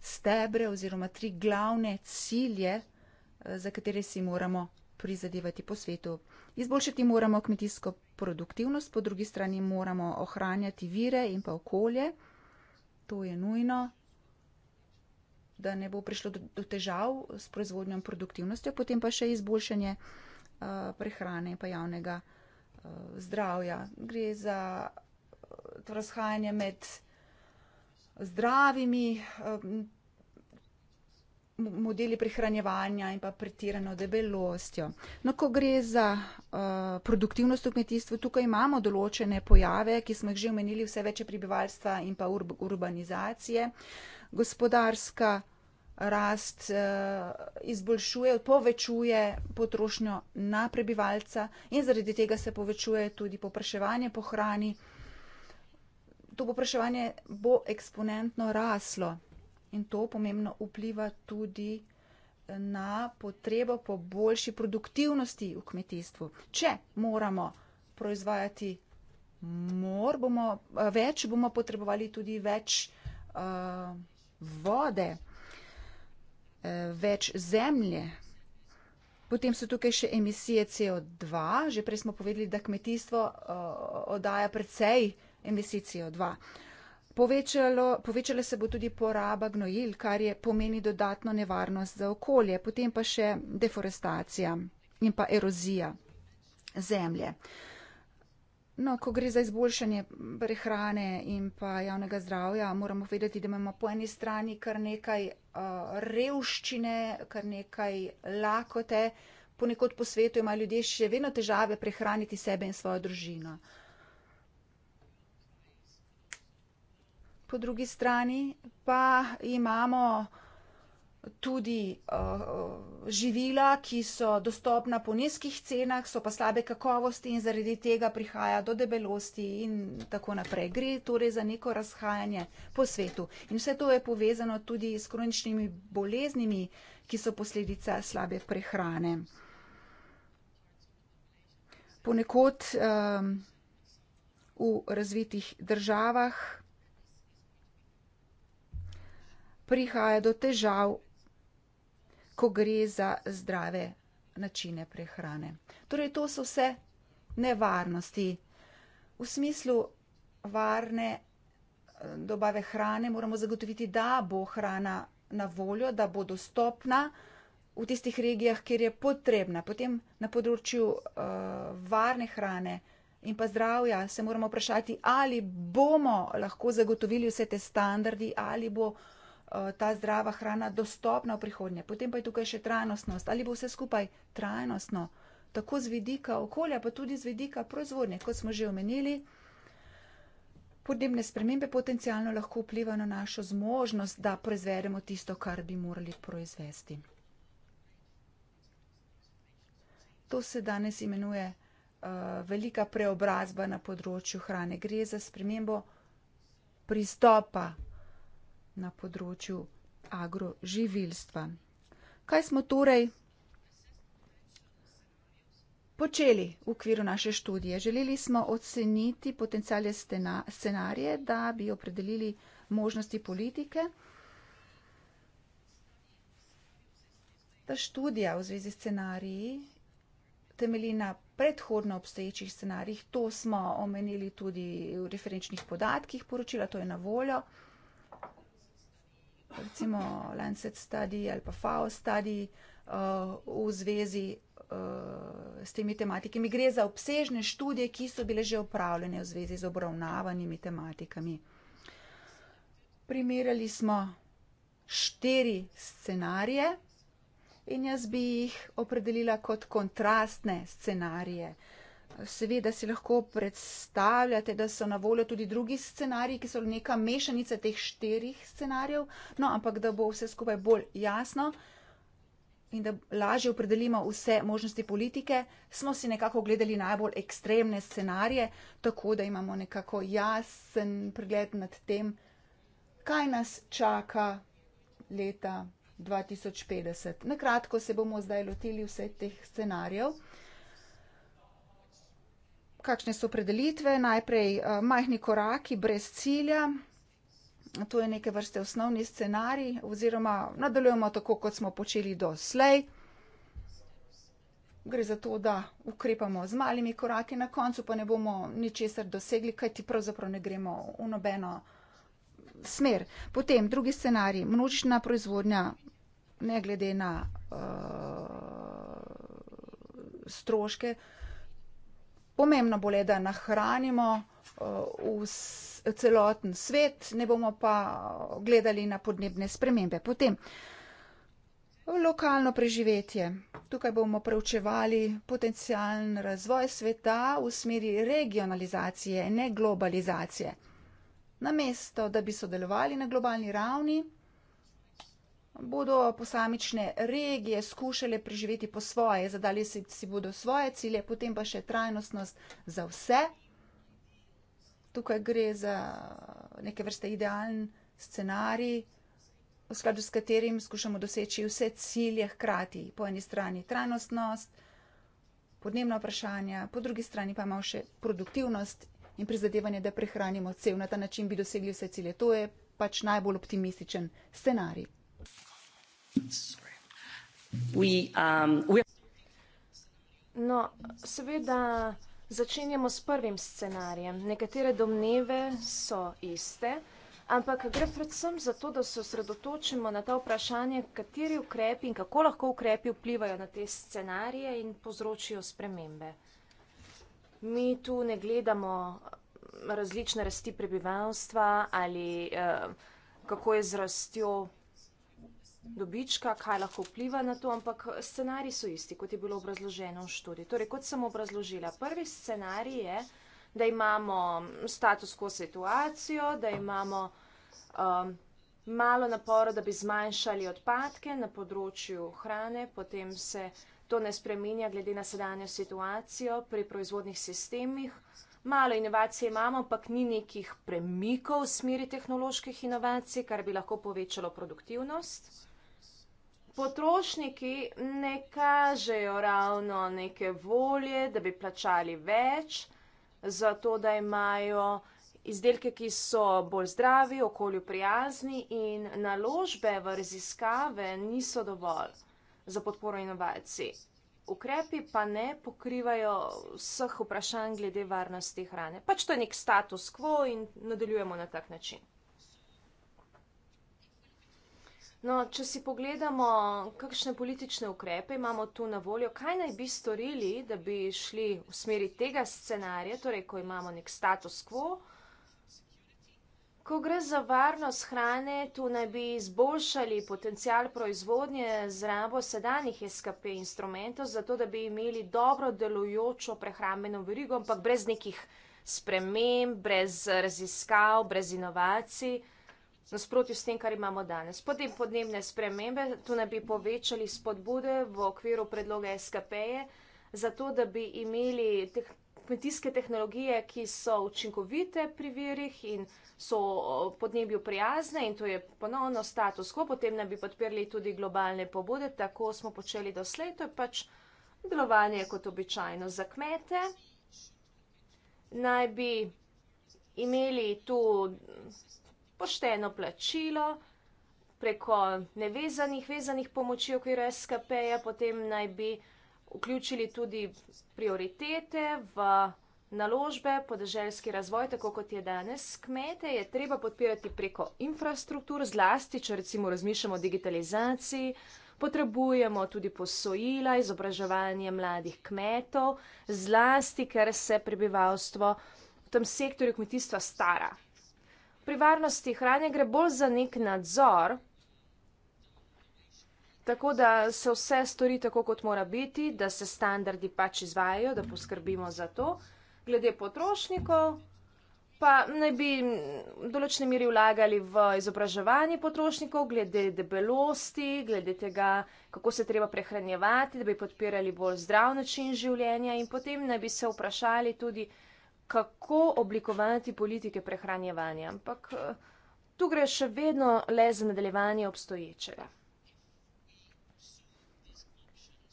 stebre oziroma tri glavne cilje, uh, za katere si moramo prizadevati po svetu. Izboljšati moramo kmetijsko produktivnost, po drugi strani moramo ohranjati vire in pa okolje. To je nujno, da ne bo prišlo do, do težav s proizvodnjo in produktivnostjo, potem pa še izboljšanje uh, prehrane in pa javnega uh, zdravja. Gre za eh, razhajanje med zdravimi. Uh, modeli prihranjevanja in pa pretirano debelostjo. No, ko gre za uh, produktivnost v kmetijstvu, tukaj imamo določene pojave, ki smo jih že omenili, vse večje prebivalstva in pa urb urbanizacije. Gospodarska rast uh, izboljšuje, povečuje potrošnjo na prebivalca in zaradi tega se povečuje tudi popraševanje po hrani. To popraševanje bo eksponentno raslo in to pomembno vpliva tudi na potrebo po boljši produktivnosti v kmetijstvu. Če moramo proizvajati mor, bomo, eh, več bomo potrebovali tudi več uh, vode, eh, več zemlje. Potem so tukaj še emisije CO2. Že prej smo povedali, da kmetijstvo uh, oddaja precej emisij CO2. Uh, Povečalo, povečala se bo tudi poraba gnojil, kar je pomeni dodatno nevarnost za okolje, potem pa še deforestacija in pa erozija zemlje. No, ko gre za izboljšanje prehrane in pa javnega zdravja, moramo vedeti, da imamo po eni strani kar nekaj uh, revščine, kar nekaj lakote, ponekod po svetu imajo ljudje še vedno težave prehraniti sebe in svojo družino. Uh, po drugi strani pa imamo tudi uh, živila, ki so dostopna po nizkih cenah, so pa slabe kakovosti in zaradi tega prihaja do debelosti in tako naprej. Gre torej za neko razhajanje po svetu. In vse to je povezano tudi s kroničnimi boleznimi, ki so posledica slabe prehrane. Ponekod um, v razvitih državah prihaja do težav, ko gre za zdrave načine prehrane. Torej, to so vse nevarnosti. V smislu varne eh, dobave hrane moramo zagotoviti, da bo hrana na voljo, da bo dostopna v tistih regijah, kjer je potrebna. Potem na področju uh, varne hrane in pa zdravja se moramo vprašati, ali bomo lahko zagotovili vse te standardi, ali bo uh, Eh, ta zdrava hrana dostopna v prihodnje. Potem pa je tukaj še trajnostnost. Ali bo vse skupaj trajnostno, tako z vidika okolja, pa tudi z vidika proizvodnje, kot smo že omenili. Podnebne spremembe potencialno lahko vplivajo na našo zmožnost, da proizvedemo tisto, kar bi morali proizvesti. To se danes imenuje uh, velika preobrazba na področju hrane. Gre za spremembo pristopa na področju agroživilstva. Kaj smo torej počeli v okviru naše študije? Želeli smo oceniti potencijalne scenarije, da bi opredelili možnosti politike. Ta študija v zvezi s scenariji temelji na predhodno obstoječih scenarijih. To smo omenili tudi v referenčnih podatkih poročila, to je na voljo recimo Lancet Study ali pa FAO Study uh, v zvezi uh, s temi tematikami. Gre za obsežne študije, ki so bile že upravljene v zvezi z obravnavanimi tematikami. Primerjali smo štiri scenarije in jaz bi jih opredelila kot kontrastne scenarije. Uh, Seveda si lahko predstavljate, da so na voljo tudi drugi scenariji, ki so neka mešanica teh štirih scenarijev, no, ampak da bo vse skupaj bolj jasno in da lažje opredelimo vse možnosti politike, smo si nekako ogledali najbolj ekstremne scenarije, tako da imamo nekako jasen pregled nad tem, kaj nas čaka leta 2050. Na kratko se bomo zdaj lotili vseh teh scenarijev kakšne so predelitve, najprej eh, majhni koraki brez cilja. To je neke vrste osnovni scenarij, oziroma nadaljujemo tako, kot smo počeli do slej. Gre za to, da ukrepamo z malimi koraki, na koncu pa ne bomo ničesar dosegli, kajti pravzaprav ne gremo v nobeno smer. Potem drugi scenarij, množična proizvodnja, ne glede na uh, stroške, uh, Pomembno bo le, da nahranimo uh, celoten svet, ne bomo pa gledali na podnebne spremembe. Potem lokalno preživetje. Tukaj bomo preučevali potencijalen razvoj sveta v smeri regionalizacije, ne globalizacije. Namesto, da bi sodelovali na globalni ravni, bodo posamične regije skušale preživeti po svoje, zadali si, si bodo svoje cilje, potem pa še trajnostnost za vse. Tukaj gre za neke vrste idealen scenarij, v skladu s katerim skušamo doseči vse cilje hkrati. Po eni strani trajnostnost, podnebna vprašanja, po drugi strani pa imamo še produktivnost in prizadevanje, da prehranimo cel. Na ta način bi dosegli vse cilje. To je pač najbolj optimističen scenarij. Um, no, seveda začenjamo s prvim scenarijem. Nekatere domneve so iste, ampak gre predvsem za to, da se osredotočimo na ta vprašanje, kateri ukrepi in kako lahko ukrepi vplivajo na te scenarije in povzročijo spremembe. Mi tu ne gledamo različne rasti prebivalstva ali eh, kako je z rastjo dobička, kaj lahko vpliva na to, ampak scenariji so isti, kot je bilo obrazloženo v študiji. Torej, kot sem obrazložila, prvi scenarij je, da imamo status quo situacijo, da imamo um, malo naporo, da bi zmanjšali odpadke na področju hrane, potem se to ne spreminja glede na sedanjo situacijo pri proizvodnih sistemih. Malo inovacije imamo, ampak ni nekih premikov v smeri tehnoloških inovacij, kar bi lahko povečalo produktivnost potrošniki ne kažejo ravno neke volje, da bi plačali več za to, da imajo izdelke, ki so bolj zdravi, okolju prijazni in naložbe v raziskave niso dovolj za podporo inovacij. Ukrepi pa ne pokrivajo vseh vprašanj glede varnosti hrane. Pač to je nek status quo in nadaljujemo na tak način. No, če si pogledamo, kakšne politične ukrepe imamo tu na voljo, kaj naj bi storili, da bi šli v smeri tega scenarija, torej ko imamo nek status quo. Ko gre za varnost hrane, tu naj bi izboljšali potencial proizvodnje z rabo sedanjih SKP instrumentov, zato da bi imeli dobro delujočo prehrambeno verigo, ampak brez nekih sprememb, brez raziskav, brez inovacij nasprotju s tem, kar imamo danes. Potem podnebne spremembe, tu ne bi povečali spodbude v okviru predloga SKP-je, zato da bi imeli te kmetijske tehnologije, ki so učinkovite pri virih in so podnebju prijazne in to je ponovno status quo, potem ne bi podpirli tudi globalne pobude, tako smo počeli doslej, to je pač delovanje kot običajno za kmete. Naj bi imeli tu pošteno plačilo, preko nevezanih, vezanih pomoči v okviru SKP-ja, potem naj bi vključili tudi prioritete v naložbe, podeželjski razvoj, tako kot je danes. Kmete je treba podpirati preko infrastruktur, zlasti, če recimo razmišljamo o digitalizaciji. Potrebujemo tudi posojila, izobraževanje mladih kmetov, zlasti, ker se prebivalstvo v tem sektorju kmetijstva stara pri varnosti hrane gre bolj za nek nadzor, tako da se vse stori tako, kot mora biti, da se standardi pač izvajajo, da poskrbimo za to. Glede potrošnikov, pa naj bi v določeni meri vlagali v izobraževanje potrošnikov, glede debelosti, glede tega, kako se treba prehranjevati, da bi podpirali bolj zdrav način življenja in potem naj bi se vprašali tudi, kako oblikovati politike prehranjevanja, ampak eh, tu gre še vedno le za nadaljevanje obstoječega.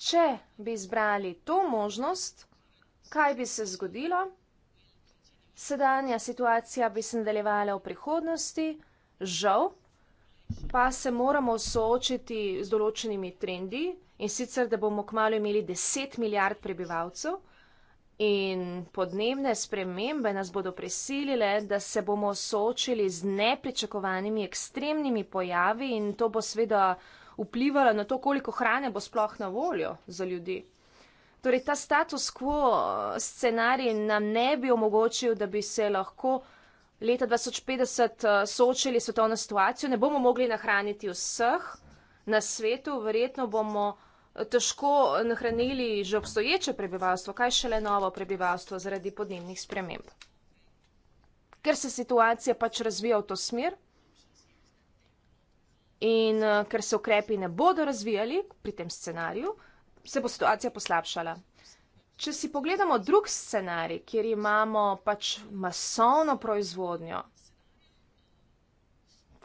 Če bi izbrali to možnost, kaj bi se zgodilo? Sedanja situacija bi se nadaljevala v prihodnosti, žal pa se moramo soočiti z določenimi trendi in sicer, da bomo kmalo imeli 10 milijard prebivalcev, In podnebne spremembe nas bodo prisilile, da se bomo soočili z nepričakovanimi ekstremnimi pojavi in to bo seveda vplivalo na to, koliko hrane bo sploh na voljo za ljudi. Torej, ta status quo scenarij nam ne bi omogočil, da bi se lahko leta 2050 eh, soočili s svetovno situacijo. Ne bomo mogli nahraniti vseh na svetu, verjetno bomo težko nahranili že obstoječe prebivalstvo, kaj šele novo prebivalstvo zaradi podnebnih sprememb. Ker se situacija pač razvija v to smer in eh, ker se ukrepi ne bodo razvijali pri tem scenariju, se bo situacija poslabšala. Če si pogledamo drug scenarij, kjer imamo pač masovno proizvodnjo,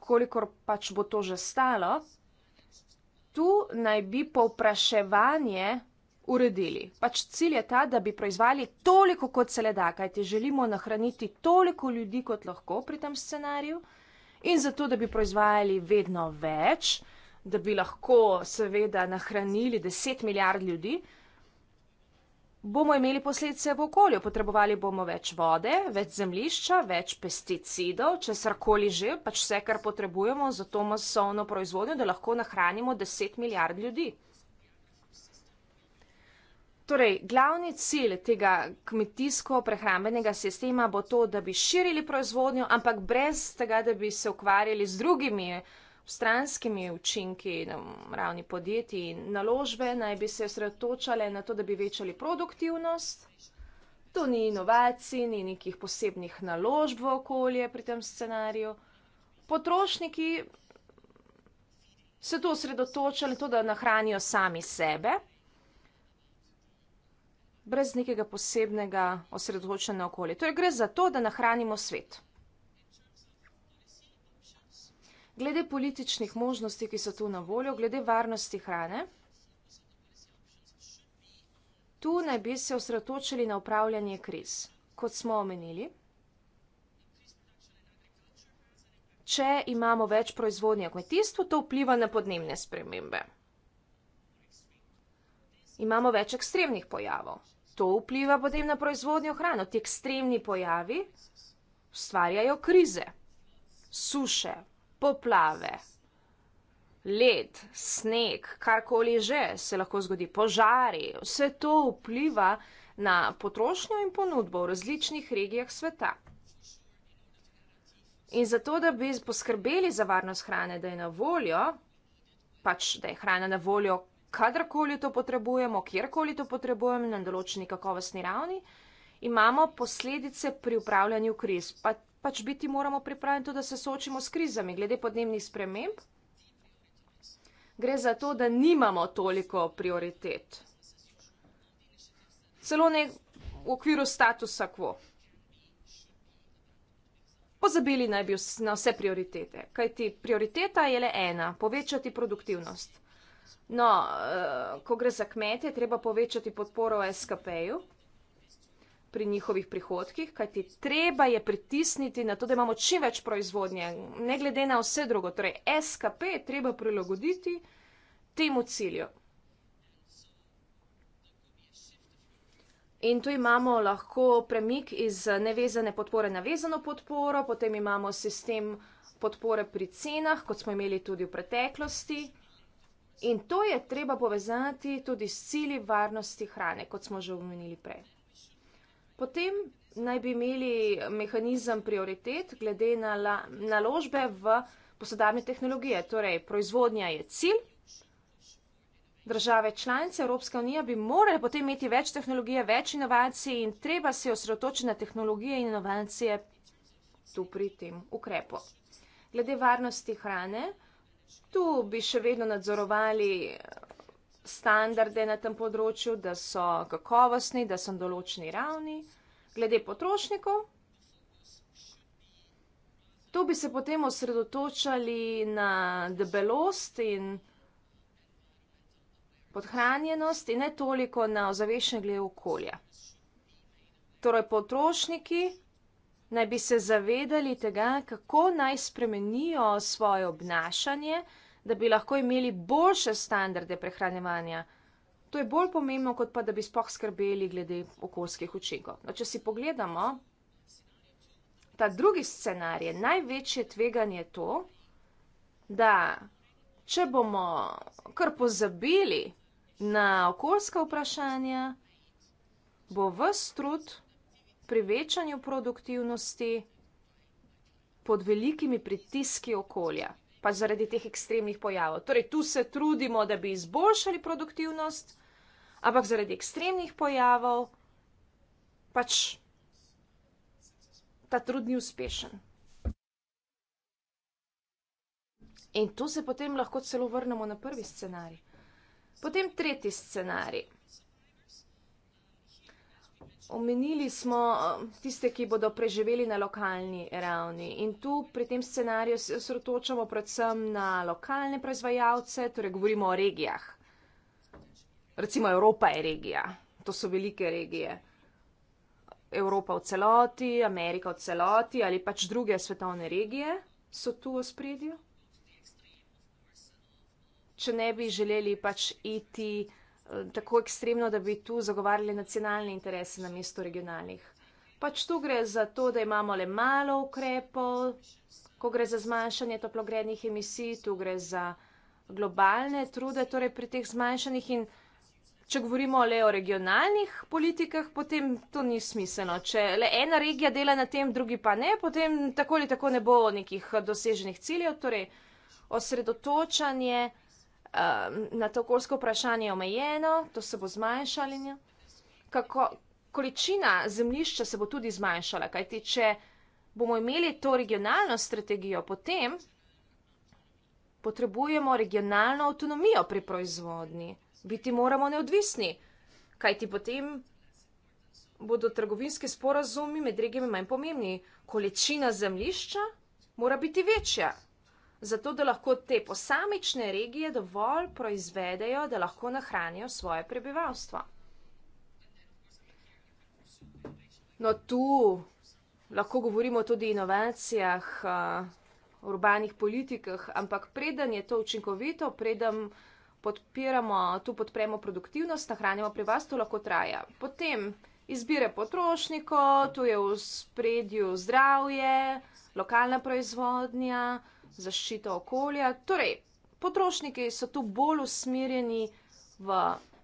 kolikor pač bo to že stalo, tu naj bi povpraševanje uredili. Pač cilj je ta, da bi proizvali toliko, kot se le da, kajti želimo nahraniti toliko ljudi, kot lahko pri tem scenariju, in zato, da bi proizvajali vedno več, da bi lahko seveda nahranili 10 milijard ljudi bomo imeli posledice v okolju. Potrebovali bomo več vode, več zemlišča, več pesticidov, česarkoli že, pač vse, kar potrebujemo za to masovno proizvodnjo, da lahko nahranimo 10 milijard ljudi. Torej, glavni cilj tega kmetijsko-prehrambenega sistema bo to, da bi širili proizvodnjo, ampak brez tega, da bi se ukvarjali z drugimi uh, stranskimi učinki na ravni podjetij in naložbe naj bi se osredotočale na to, da bi večali produktivnost. To ni inovacij, ni nekih posebnih naložb v okolje pri tem scenariju. Potrošniki se to osredotočali na to, da nahranijo sami sebe, brez nekega posebnega osredotočenja na okolje. To torej je gre za to, da nahranimo svet. glede političnih možnosti, ki so tu na voljo, glede varnosti hrane. Tu naj bi se osredotočili na upravljanje kriz, kot smo omenili. Če imamo več proizvodnje v kmetijstvu, to vpliva na podnebne spremembe. Imamo več ekstremnih pojavov, to vpliva potem na proizvodnjo hrano. Ti ekstremni pojavi ustvarjajo krize, suše, poplave, led, sneg, karkoli že se lahko zgodi, požari, vse to vpliva na potrošnjo in ponudbo v različnih regijah sveta. In zato, da bi poskrbeli za varnost hrane, da je na voljo, pač da je hrana na voljo, kadarkoli to potrebujemo, kjerkoli to potrebujemo, na določeni kakovostni ravni, imamo posledice pri upravljanju kriz. Pa pač biti moramo pripravljeni tudi, da se soočimo s krizami glede podnebnih sprememb. Gre za to, da nimamo toliko prioritet. Celo ne v okviru statusa quo. Pozabili naj bi na vse prioritete, kajti prioriteta je le ena - povečati produktivnost. No, eh, ko gre za kmete, treba povečati podporo SKP-ju pri njihovih prihodkih, kajti treba je pritisniti na to, da imamo čim več proizvodnje, ne glede na vse drugo. Torej, SKP je treba prilagoditi temu cilju. In tu imamo lahko premik iz nevezane podpore na vezano podporo, potem imamo sistem podpore pri cenah, kot smo imeli tudi v preteklosti. In to je treba povezati tudi s cili varnosti hrane, kot smo že omenili prej. Potem naj bi imeli mehanizem prioritet glede na naložbe v posodobne tehnologije. Torej, proizvodnja je cilj. Države članice Evropske unije bi morale potem imeti več tehnologije, več inovacij in treba se osredotočiti na tehnologije in inovacije tu pri tem ukrepu. Glede varnosti hrane, tu bi še vedno nadzorovali standarde na tem področju, da so kakovostni, da so na določeni ravni. Glede potrošnikov, tu bi se potem osredotočali na debelost in podhranjenost in ne toliko na ozaveščenje glede okolja. Torej, potrošniki naj bi se zavedali tega, kako naj spremenijo svoje obnašanje, da bi lahko imeli boljše standarde prehranevanja. To je bolj pomembno, kot pa da bi spoh skrbeli glede okoljskih učinkov. No, če si pogledamo ta drugi scenarij, največje tveganje je to, da če bomo kar pozabili na okoljska vprašanja, bo v strud pri večanju produktivnosti pod velikimi pritiski okolja pa zaradi teh ekstremnih pojavov. Torej, tu se trudimo, da bi izboljšali produktivnost, ampak zaradi ekstremnih pojavov pač ta trud ni uspešen. In tu se potem lahko celo vrnemo na prvi scenarij. Potem tretji scenarij. Omenili smo um, tiste, ki bodo preživeli na lokalni ravni in tu pri tem scenariju se osredotočamo predvsem na lokalne proizvajalce, torej govorimo o regijah. Recimo Evropa je regija, to so velike regije. Evropa v celoti, Amerika v celoti ali pač druge svetovne regije so tu v spredju. Če ne bi želeli pač iti tako ekstremno, da bi tu zagovarjali nacionalne interese na mesto regionalnih. Pač tu gre za to, da imamo le malo ukrepov, ko gre za zmanjšanje toplogrednih emisij, tu gre za globalne trude, torej pri teh zmanjšanjih in če govorimo le o regionalnih politikah, potem to ni smiselno. Če le ena regija dela na tem, drugi pa ne, potem tako ali tako ne bo nekih doseženih ciljev, torej osredotočanje um, na to okoljsko vprašanje omejeno, to se bo zmanjšalo. Kako količina zemljišča se bo tudi zmanjšala, kajti če bomo imeli to regionalno strategijo, potem potrebujemo regionalno avtonomijo pri proizvodnji, biti moramo neodvisni, kajti potem bodo trgovinski sporazumi med regijami manj pomembni. Količina zemljišča mora biti večja, zato da lahko te posamične regije dovolj proizvedejo, da lahko nahranijo svoje prebivalstvo. No, tu lahko govorimo tudi o inovacijah, uh, urbanih politikah, ampak preden je to učinkovito, preden podpiramo, tu podpremo produktivnost, nahranimo prebivalstvo, lahko traja. Potem izbire potrošnikov, tu je v spredju zdravje, lokalna proizvodnja zaščito okolja. Torej, potrošniki so tu bolj usmerjeni v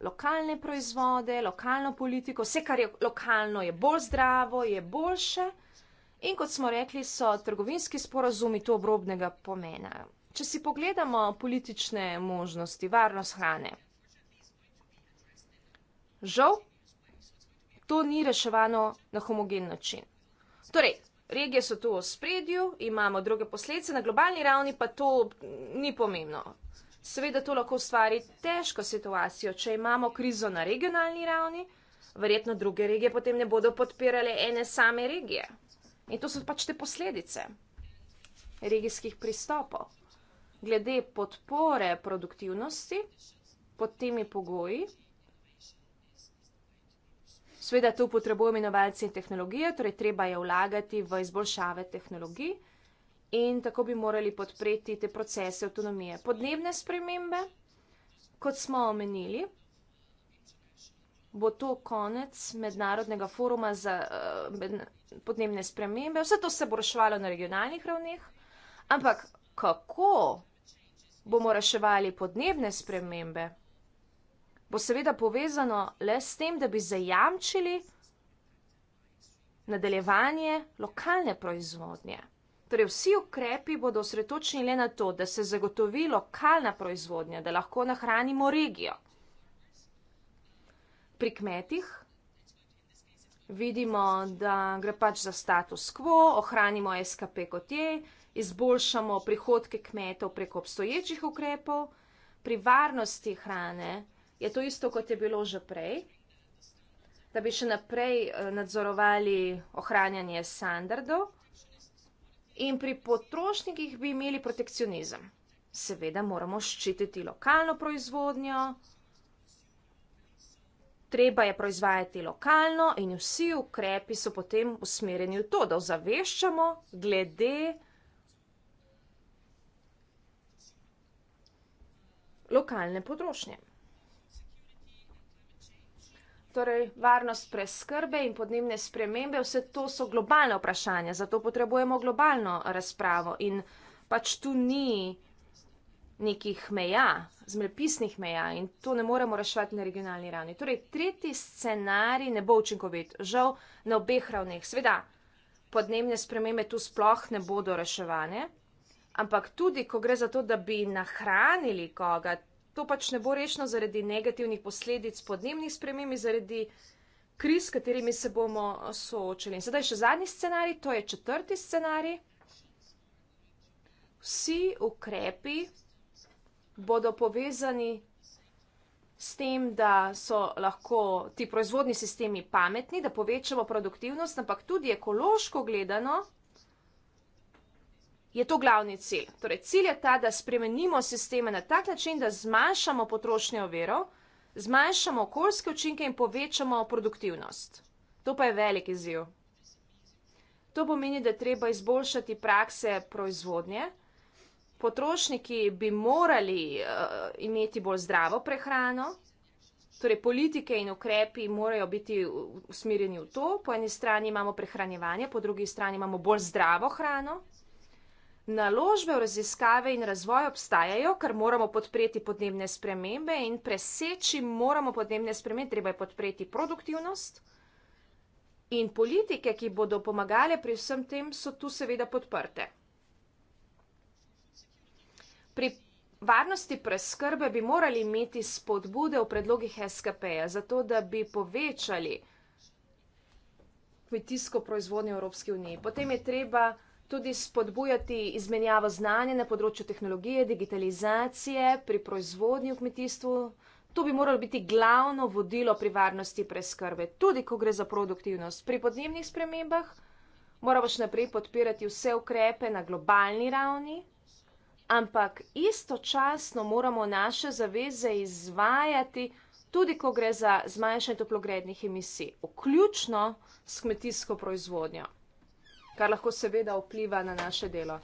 lokalne proizvode, lokalno politiko, vse, kar je lokalno, je bolj zdravo, je boljše. In kot smo rekli, so trgovinski sporazumi to obrobnega pomena. Če si pogledamo politične možnosti, varnost hrane. Žal, to ni reševano na homogen način. Torej, regije so tu v spredju, imamo druge posledice, na globalni ravni pa to ni pomembno. Seveda to lahko ustvari težko situacijo, če imamo krizo na regionalni ravni, verjetno druge regije potem ne bodo podpirale ene same regije. In to so pač te posledice regijskih pristopov. Glede podpore produktivnosti pod temi pogoji, Sveda to potrebujemo inovacije in tehnologije, torej treba je vlagati v izboljšave tehnologij in tako bi morali podpreti te procese avtonomije. Podnebne spremembe, kot smo omenili, bo to konec mednarodnega foruma za uh, podnebne spremembe. Vse to se bo reševalo na regionalnih ravneh, ampak kako bomo reševali podnebne spremembe? bo seveda povezano le s tem, da bi zajamčili nadaljevanje lokalne proizvodnje. Torej, vsi ukrepi bodo osredotočeni le na to, da se zagotovi lokalna proizvodnja, da lahko nahranimo regijo. Pri kmetih vidimo, da gre pač za status quo, ohranimo SKP kot je, izboljšamo prihodke kmetov preko obstoječih ukrepov, pri varnosti hrane je to isto, kot je bilo že prej, da bi še naprej eh, nadzorovali ohranjanje standardov in pri potrošnikih bi imeli protekcionizem. Seveda moramo ščititi lokalno proizvodnjo, treba je proizvajati lokalno in vsi ukrepi so potem usmerjeni v to, da ozaveščamo glede lokalne potrošnje. Torej, varnost preskrbe in podnebne spremembe, vse to so globalne vprašanja, zato potrebujemo globalno razpravo in pač tu ni nekih meja, zmerpisnih meja in to ne moremo reševati na regionalni ravni. Torej, tretji scenarij ne bo učinkovit, žal na obeh ravneh. Sveda, podnebne spremembe tu sploh ne bodo reševane, ampak tudi, ko gre za to, da bi nahranili koga, to pač ne bo rešeno zaradi negativnih posledic podnebnih sprememb, zaradi kriz, s katerimi se bomo eh, soočili. In sedaj še zadnji scenarij, to je četrti scenarij. Vsi ukrepi bodo povezani s tem, da so lahko ti proizvodni sistemi pametni, da povečamo produktivnost, ampak tudi ekološko gledano je to glavni cilj. Torej, cilj je ta, da spremenimo sisteme na tak način, da zmanjšamo potrošnjo vero, zmanjšamo okoljske učinke in povečamo produktivnost. To pa je velik izziv. To pomeni, da treba izboljšati prakse proizvodnje. Potrošniki bi morali uh, imeti bolj zdravo prehrano, torej politike in ukrepi morajo biti usmerjeni v to. Po eni strani imamo prehranjevanje, po drugi strani imamo bolj zdravo hrano. Naložbe v raziskave in razvoj obstajajo, ker moramo podpreti podnebne spremembe in preseči moramo podnebne spremembe, treba je podpreti produktivnost. In politike, ki bodo pomagale pri vsem tem, so tu seveda podprte. Pri varnosti preskrbe bi morali imeti spodbude v predlogih SKP-ja, zato da bi povečali kmetijsko proizvodnjo v Evropski uniji. Potem je treba tudi spodbujati izmenjavo znanja na področju tehnologije, digitalizacije pri proizvodnji v kmetijstvu. To bi moralo biti glavno vodilo pri varnosti preskrbe, tudi ko gre za produktivnost. Pri podnebnih spremembah moramo še naprej podpirati vse ukrepe na globalni ravni, ampak istočasno moramo naše zaveze izvajati tudi, ko gre za zmanjšanje toplogrednih emisij, vključno s kmetijsko proizvodnjo kar lahko seveda vpliva na naše delo.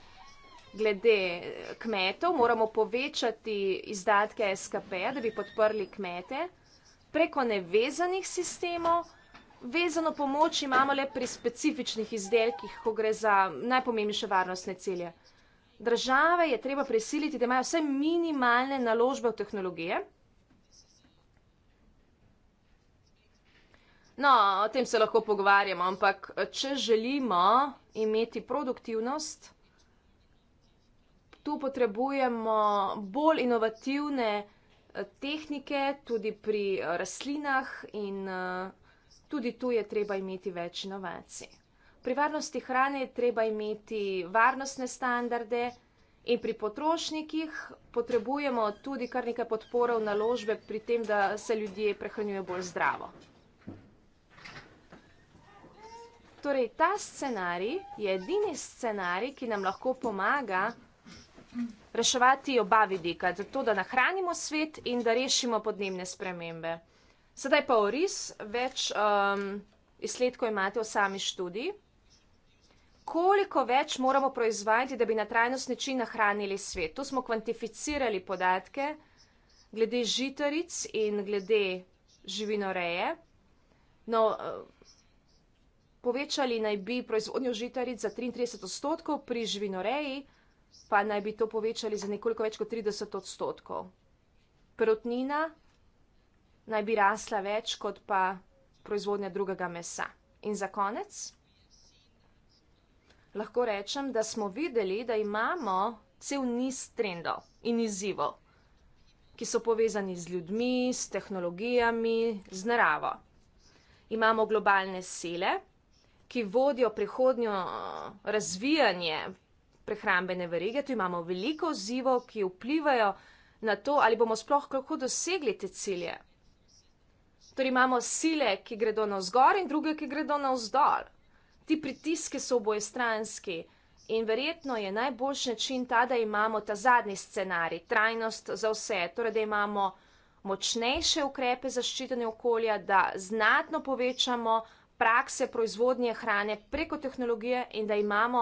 Glede eh, kmetov moramo povečati izdatke SKP, da bi podprli kmete preko nevezanih sistemov. Vezano pomoč imamo le pri specifičnih izdelkih, ko gre za najpomembnejše varnostne cilje. Države je treba prisiliti, da imajo vse minimalne naložbe v tehnologije, No, o tem se lahko pogovarjamo, ampak eh, če želimo imeti produktivnost, tu potrebujemo bolj inovativne eh, tehnike, tudi pri eh, rastlinah, in tudi tu je treba imeti več inovacij. Pri varnosti hrane je treba imeti varnostne standarde. In pri potrošnikih potrebujemo tudi kar nekaj podpore v naložbe pri tem, da se ljudje prehranjujejo bolj zdravo. Torej, ta scenarij je edini scenarij, ki nam lahko pomaga reševati oba vidika, zato da nahranimo svet in da rešimo podnebne spremembe. Sedaj pa oris, več um, izsledkov imate v sami študiji. Koliko več moramo proizvajati, da bi na trajnostni način nahranili svet? Tu smo kvantificirali podatke glede žitaric in glede živinoreje. No, uh, Povečali naj bi proizvodnjo žitaric za 33 odstotkov, pri živinoreji pa naj bi to povečali za nekoliko več kot 30 odstotkov. Protnina naj bi rasla več kot pa proizvodnja drugega mesa. In za konec lahko rečem, da smo videli, da imamo cel niz trendov in izzivov, ki so povezani z ljudmi, s tehnologijami, z naravo. Imamo globalne sile, ki vodijo prihodnjo eh, razvijanje prehrambene verige. Tu imamo veliko zivo, ki vplivajo na to, ali bomo sploh lahko dosegli te cilje. Torej imamo sile, ki gredo na vzgor in druge, ki gredo na vzdolj. Ti pritiski so obojestranski in verjetno je najboljši način ta, da imamo ta zadnji scenarij, trajnost za vse, torej da imamo močnejše ukrepe zaščitene okolja, da znatno povečamo prakse proizvodnje hrane preko tehnologije in da imamo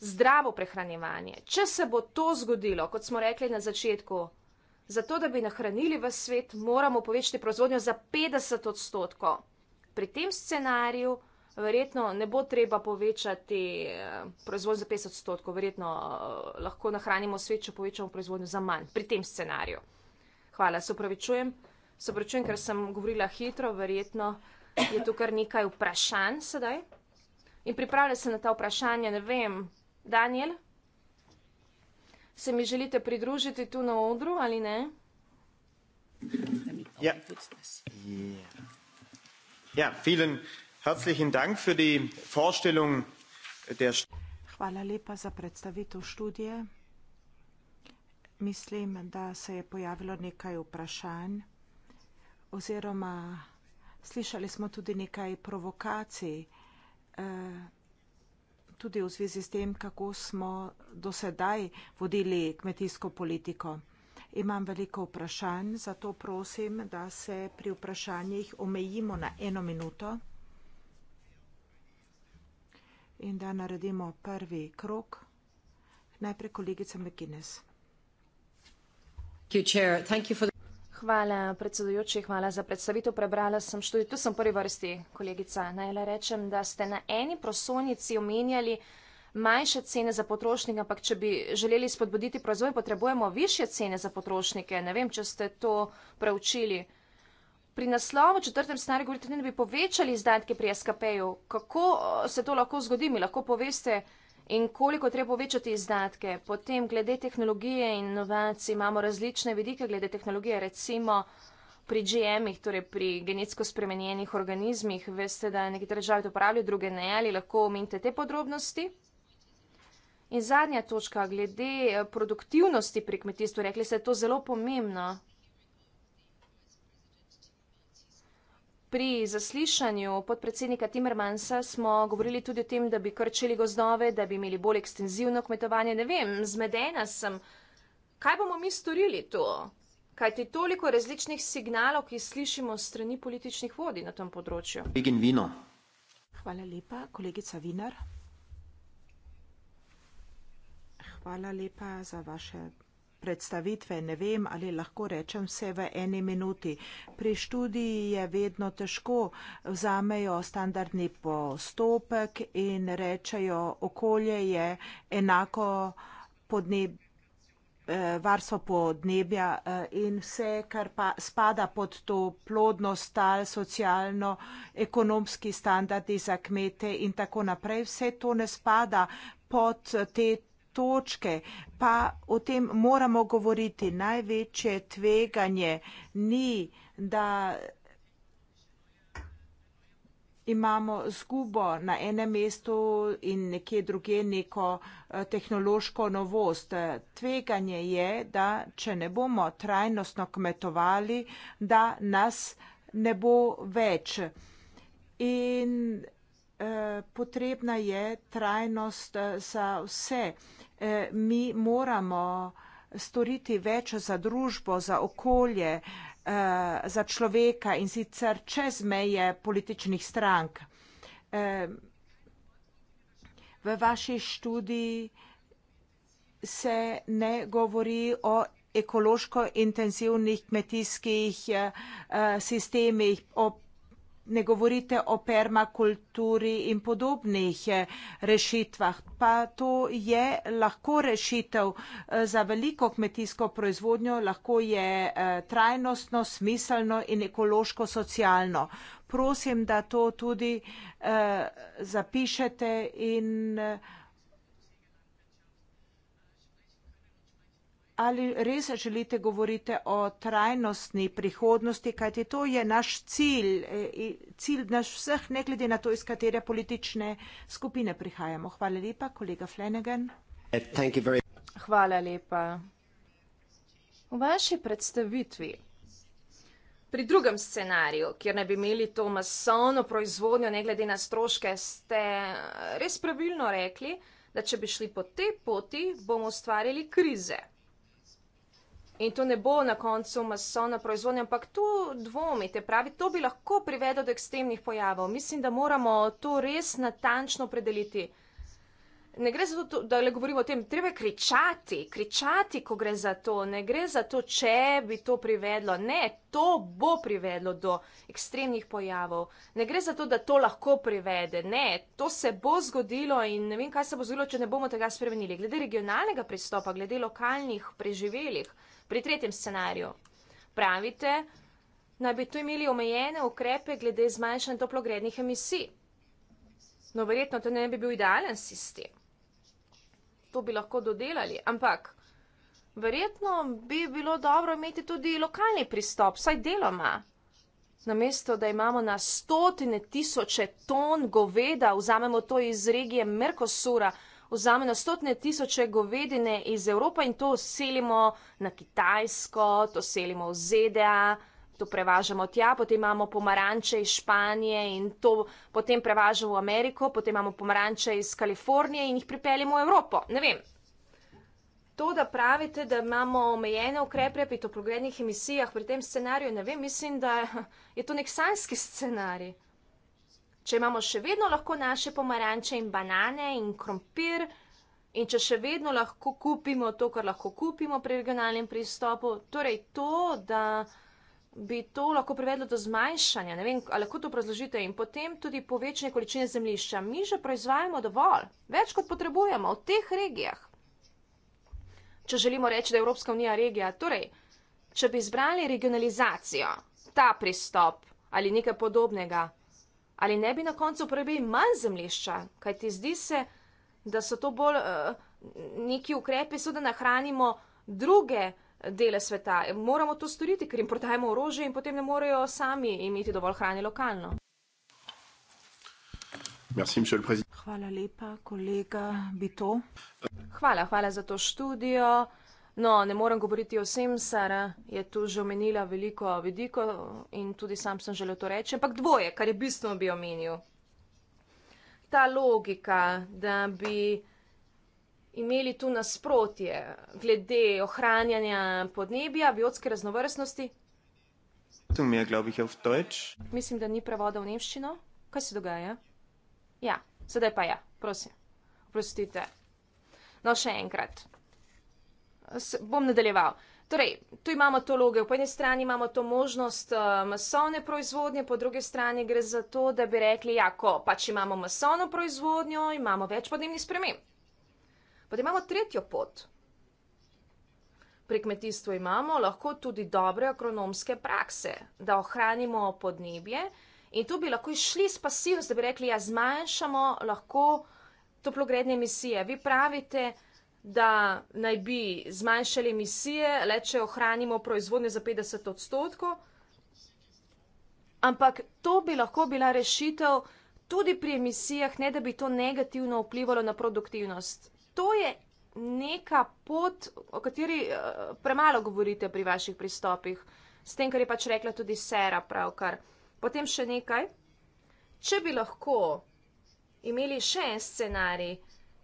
zdravo prehranjevanje. Če se bo to zgodilo, kot smo rekli na začetku, zato da bi nahranili v svet, moramo povečati proizvodnjo za 50 odstotkov. Pri tem scenariju verjetno ne bo treba povečati eh, proizvodnjo za 50 odstotkov, verjetno eh, lahko nahranimo svet, če povečamo proizvodnjo za manj. Pri tem scenariju. Hvala, se upravičujem. Se upravičujem, ker sem govorila hitro, verjetno je tu kar nekaj vprašanj sedaj. In pripravljam se na ta vprašanja, ne vem, Daniel, se mi želite pridružiti tu na odru ali ne? Ja, ja vielen herzlichen Dank für die Vorstellung der Hvala lepa za predstavitev študije. Mislim, da se je pojavilo nekaj vprašanj oziroma Slišali smo tudi nekaj provokacij, eh, tudi v zvezi s tem, kako smo dosedaj vodili kmetijsko politiko. Imam veliko vprašanj, zato prosim, da se pri vprašanjih omejimo na eno minuto in da naredimo prvi krok. Najprej kolegica McGuinness. Thank you, Chair. Thank you for the Hvala, predsedujoči, hvala za predstavitev. Prebrala sem študij, tu sem prvi vrsti, kolegica. Naj le rečem, da ste na eni prosonici omenjali manjše cene za potrošnike, ampak če bi želeli spodbuditi proizvoj, potrebujemo više cene za potrošnike. Ne vem, če ste to preučili. Pri naslovu četrtem stari govorite, da bi povečali izdatke pri SKP-ju. Kako eh, se to lahko zgodi? Mi lahko poveste, in koliko treba povečati izdatke. Potem glede tehnologije in inovacij imamo različne vidike glede tehnologije, recimo pri GM-ih, torej pri genetsko spremenjenih organizmih. Veste, da neki države to pravijo, druge ne, ali lahko omenite te podrobnosti. In zadnja točka glede eh, produktivnosti pri kmetijstvu. Rekli ste, da je to zelo pomembno. Pri zaslišanju podpredsednika Timmermansa smo govorili tudi o tem, da bi krčili gozdove, da bi imeli bolj ekstenzivno kmetovanje. Ne vem, zmedena sem. Kaj bomo mi storili to? Kaj ti toliko različnih signalov, ki slišimo strani političnih vodi na tem področju? Hvala lepa, kolegica Vinar. Hvala lepa za vaše predstavitve, ne vem, ali lahko rečem vse v eni minuti. Pri študiji je vedno težko, vzamejo standardni postopek in rečejo, okolje je enako podneb, eh, varstvo podnebja eh, in vse, kar pa spada pod to plodnost, tal, socialno, ekonomski standardi za kmete in tako naprej, vse to ne spada pod te točke, pa o tem moramo govoriti. Največje tveganje ni, da imamo zgubo na enem mestu in nekje druge neko eh, tehnološko novost. Tveganje je, da če ne bomo trajnostno kmetovali, da nas ne bo več. In eh, potrebna je trajnost eh, za vse. Eh, Eh, mi moramo storiti več za družbo, za okolje, eh, za človeka in sicer čez meje političnih strank. Eh, v vaši študiji se ne govori o ekološko intenzivnih kmetijskih sistemih, o ne govorite o permakulturi in podobnih eh, rešitvah, pa to je lahko rešitev eh, za veliko kmetijsko proizvodnjo, lahko je eh, trajnostno, smiselno in ekološko socialno. Prosim, da to tudi zapišete in ali res želite govoriti o trajnostni prihodnosti, kajti to je naš cilj, e, cilj naš vseh, ne glede na to, iz katere politične skupine prihajamo. Hvala lepa, kolega Flanagan. E, Hvala lepa. V vaši predstavitvi, pri drugem scenariju, kjer ne bi imeli to masovno proizvodnjo, ne glede na stroške, ste res pravilno rekli, da če bi šli po tej poti, bomo ustvarjali krize in to ne bo na koncu masovna proizvodnja, ampak tu dvomite, pravi, to bi lahko privedlo do ekstremnih pojavov. Mislim, da moramo to res natančno predeliti ne gre za to, da le govorimo o tem, treba je kričati, kričati, ko gre za to. Ne gre za to, če bi to privedlo. Ne, to bo privedlo do ekstremnih pojavov. Ne gre za to, da to lahko privede. Ne, to se bo zgodilo in ne vem, kaj se bo zgodilo, če ne bomo tega spremenili. Glede regionalnega pristopa, glede lokalnih preživelih, pri tretjem scenariju pravite, naj bi tu imeli omejene ukrepe glede zmanjšanja toplogrednih emisij. No, verjetno to ne bi bil idealen sistem to bi lahko dodelali, ampak verjetno bi bilo dobro imeti tudi lokalni pristop, saj deloma. Namesto, da imamo na stotine tisoče ton goveda, vzamemo to iz regije Merkosura, vzamemo na stotine tisoče govedine iz Evrope in to selimo na Kitajsko, to selimo v ZDA avto prevažamo tja, potem imamo pomaranče iz Španije in to potem prevažamo v Ameriko, potem imamo pomaranče iz Kalifornije in jih pripeljemo v Evropo. Ne vem. To, da pravite, da imamo omejene ukrepe pri toplogrednih emisijah pri tem scenariju, ne vem, mislim, da je to nek sanski scenarij. Če imamo še vedno lahko naše pomaranče in banane in krompir in če še vedno lahko kupimo to, kar lahko kupimo pri regionalnem pristopu, torej to, da bi to lahko privedlo do zmanjšanja, ne vem, ali lahko to razložite, in potem tudi povečanje količine zemljišča. Mi že proizvajamo dovolj, več kot potrebujemo v teh regijah. Če želimo reči, da je Evropska unija regija, torej, če bi izbrali regionalizacijo, ta pristop ali nekaj podobnega, ali ne bi na koncu uporabili manj zemljišča, kaj ti zdi se, da so to bolj uh, neki ukrepi, so da nahranimo druge dele sveta. Moramo to storiti, ker jim prodajemo orožje in potem ne morejo sami imeti dovolj hrane lokalno. Merci, hvala lepa, kolega Bito. Hvala, hvala za to študijo. No, ne morem govoriti o vsem, Sara je tu že omenila veliko vidiko in tudi sam sem želel to reči, ampak dvoje, kar je bistveno bi omenil. Ta logika, da bi imeli tu nasprotje glede ohranjanja podnebja, biotske raznovrstnosti? Tu mi je, glavi, je v Deutsch. Mislim, da ni prevoda v nemščino. Kaj se dogaja? Ja, sedaj pa ja, prosim. Prostite. No, še enkrat. S bom nadaljeval. Torej, tu imamo to loge. Po eni strani imamo to možnost uh, masovne proizvodnje, po drugi strani gre za to, da bi rekli, ja, ko pač imamo masovno proizvodnjo, imamo več podnebnih sprememb. Potem imamo tretjo pot. Pri kmetijstvu imamo lahko tudi dobre agronomske prakse, da ohranimo podnebje. In tu bi lahko išli s pasivnost, da bi rekli, ja, zmanjšamo lahko toplogredne emisije. Vi pravite, da naj bi zmanjšali emisije, le če ohranimo proizvodnje za 50 odstotkov. Ampak to bi lahko bila rešitev tudi pri emisijah, ne da bi to negativno vplivalo na produktivnost to je neka pot, o kateri uh, premalo govorite pri vaših pristopih, s tem, kar je pač rekla tudi Sera pravkar. Potem še nekaj. Če bi lahko imeli še en scenarij,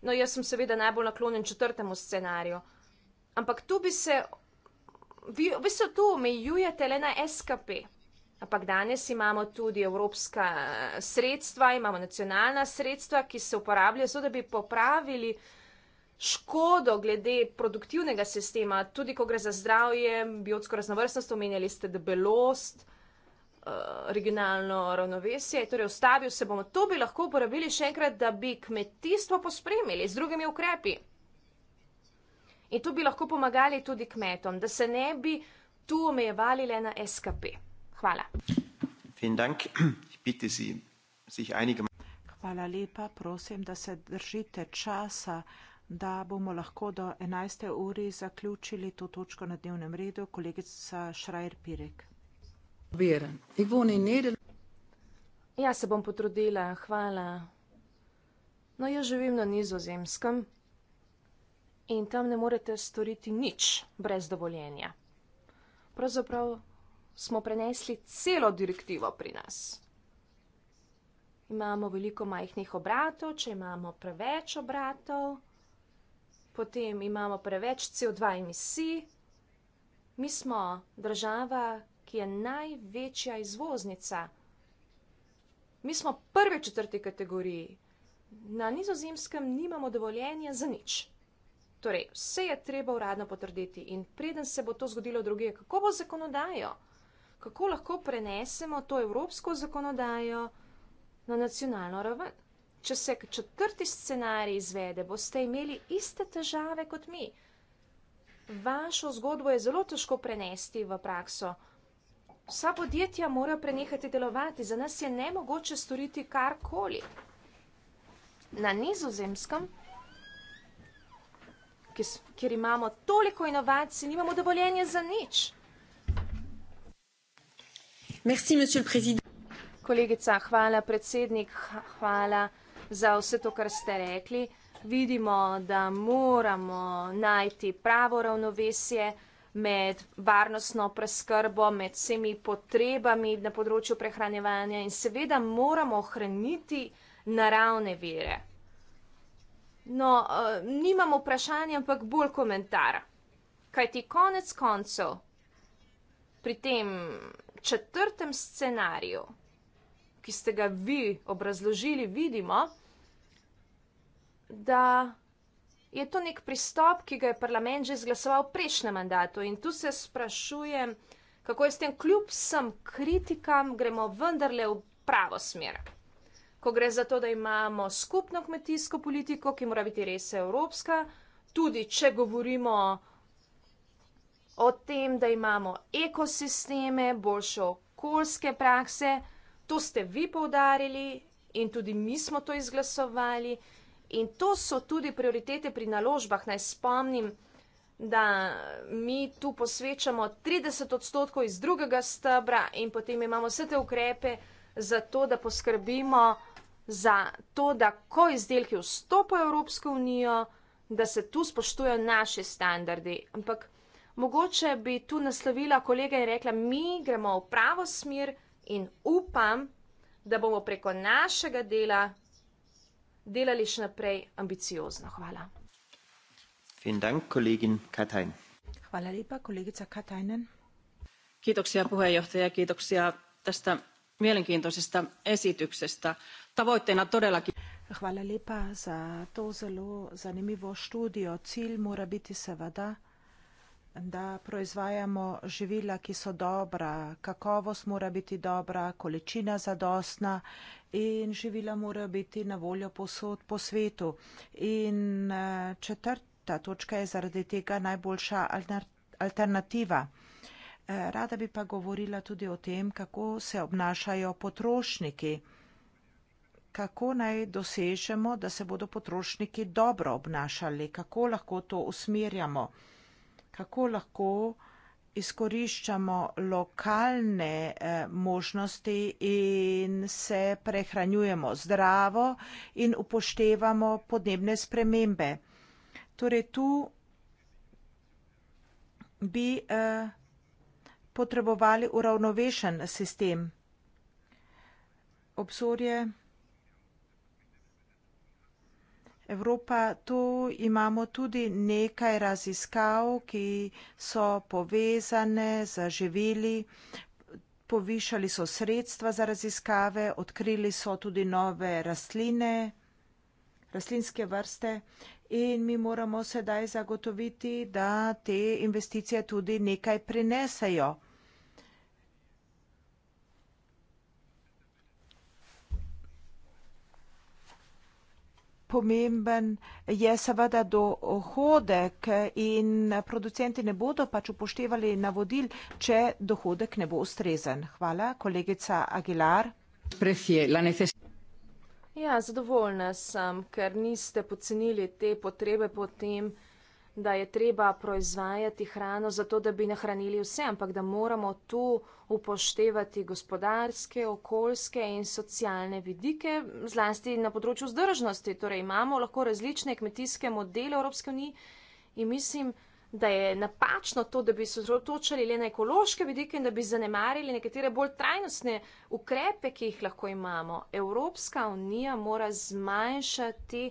no jaz sem seveda najbolj naklonjen četrtemu scenariju, ampak tu bi se, vi, vi se tu omejujete le na SKP. Ampak danes imamo tudi evropska eh, sredstva, imamo nacionalna sredstva, ki se uporabljajo, zato da bi popravili uh, škodo glede produktivnega sistema, tudi ko gre za zdravje, biotsko raznovrstnost, omenjali ste debelost, eh, regionalno ravnovesje, torej ustavil se bomo. To bi lahko uporabili še enkrat, da bi kmetijstvo pospremili z drugimi ukrepi. In to bi lahko pomagali tudi kmetom, da se ne bi tu omejevali le na SKP. Hvala. Hvala lepa, prosim, da se držite časa da bomo lahko do 11. uri zaključili to točko na dnevnem redu. Kolegica Šrajer Pirek. Ja, se bom potrudila, hvala. No, jaz živim na nizozemskem in tam ne morete storiti nič brez dovoljenja. Pravzaprav smo prenesli celo direktivo pri nas. Imamo veliko majhnih obratov, če imamo preveč obratov potem imamo preveč CO2 emisij. Mi smo država, ki je največja izvoznica. Mi smo prve četrte kategorije. Na nizozemskem nimamo dovoljenja za nič. Torej, vse je treba uradno potrditi in preden se bo to zgodilo druge, kako bo zakonodajo, kako lahko prenesemo to evropsko zakonodajo na nacionalno raven če se četrti scenarij izvede, boste imeli iste težave kot mi. Vašo zgodbo je zelo težko prenesti v prakso. Vsa podjetja morajo prenehati delovati, za nas je nemogoče storiti karkoli. Na nizozemskem, kjer imamo toliko inovacij, nimamo dovoljenja za nič. Merci, Kolegica, hvala, predsednik, hvala za vse to, kar ste rekli. Vidimo, da moramo najti pravo ravnovesje med varnostno preskrbo, med vsemi potrebami na področju prehranevanja in seveda moramo ohraniti naravne vire. No, eh, nimamo vprašanja, ampak bolj komentar. Kaj ti konec koncev pri tem četrtem scenariju? ki ste ga vi obrazložili, vidimo, da je to nek pristop, ki ga je parlament že izglasoval v prejšnjem mandatu. In tu se sprašujem, kako je s tem, kljub vsem kritikam, gremo vendarle v pravo smer. Ko gre za to, da imamo skupno kmetijsko politiko, ki mora biti res evropska, tudi če govorimo o tem, da imamo ekosisteme, boljše okoljske prakse. To ste vi povdarili in tudi mi smo to izglasovali. In to so tudi prioritete pri naložbah. Naj spomnim, da mi tu posvečamo 30 odstotkov iz drugega stebra in potem imamo vse te ukrepe za to, da poskrbimo za to, da ko izdelki vstopajo v Evropsko unijo, da se tu spoštujo naše standardi. Ampak mogoče bi tu naslovila kolega in rekla, mi gremo v pravo smer, in upam, da bomo preko našega dela delali še naprej ambiciozno. Hvala. Dank, Hvala lepa, kolegica Katajnen. Kiitoksia puheenjohtaja ja kiitoksia tästä mielenkiintoisesta esityksestä. Tavoitteena todellakin... Hvala lepa za to zelo zanimivo študijo. Cilj mora biti seveda... Vada da proizvajamo živila, ki so dobra, kakovost mora biti dobra, količina zadostna in živila mora biti na voljo posod po svetu. In eh, četrta točka je zaradi tega najboljša alternativa. Eh, rada bi pa govorila tudi o tem, kako se obnašajo potrošniki, kako naj dosežemo, da se bodo potrošniki dobro obnašali, kako lahko to usmerjamo kako lahko izkoriščamo lokalne eh, možnosti in se prehranjujemo zdravo in upoštevamo podnebne spremembe. Torej, tu bi eh, potrebovali uravnovešen sistem. Obzorje. Evropa, tu imamo tudi nekaj raziskav, ki so povezane z živili. Povišali so sredstva za raziskave, odkrili so tudi nove rastline, rastlinske vrste in mi moramo sedaj zagotoviti, da te investicije tudi nekaj prinesejo. pomemben je seveda dohodek in producenti ne bodo pač upoštevali navodil, če dohodek ne bo ustrezen. Hvala, kolegica Aguilar. Ja, zadovoljna sem, ker niste pocenili te potrebe potem da je treba proizvajati hrano zato, da bi nahranili vse, ampak da moramo tu upoštevati gospodarske, okoljske in socialne vidike, zlasti na področju zdržnosti. Torej imamo lahko različne kmetijske modele Evropske unije in mislim, da je napačno to, da bi se zrotočali le na ekološke vidike in da bi zanemarili nekatere bolj trajnostne ukrepe, ki jih lahko imamo. Evropska unija mora zmanjšati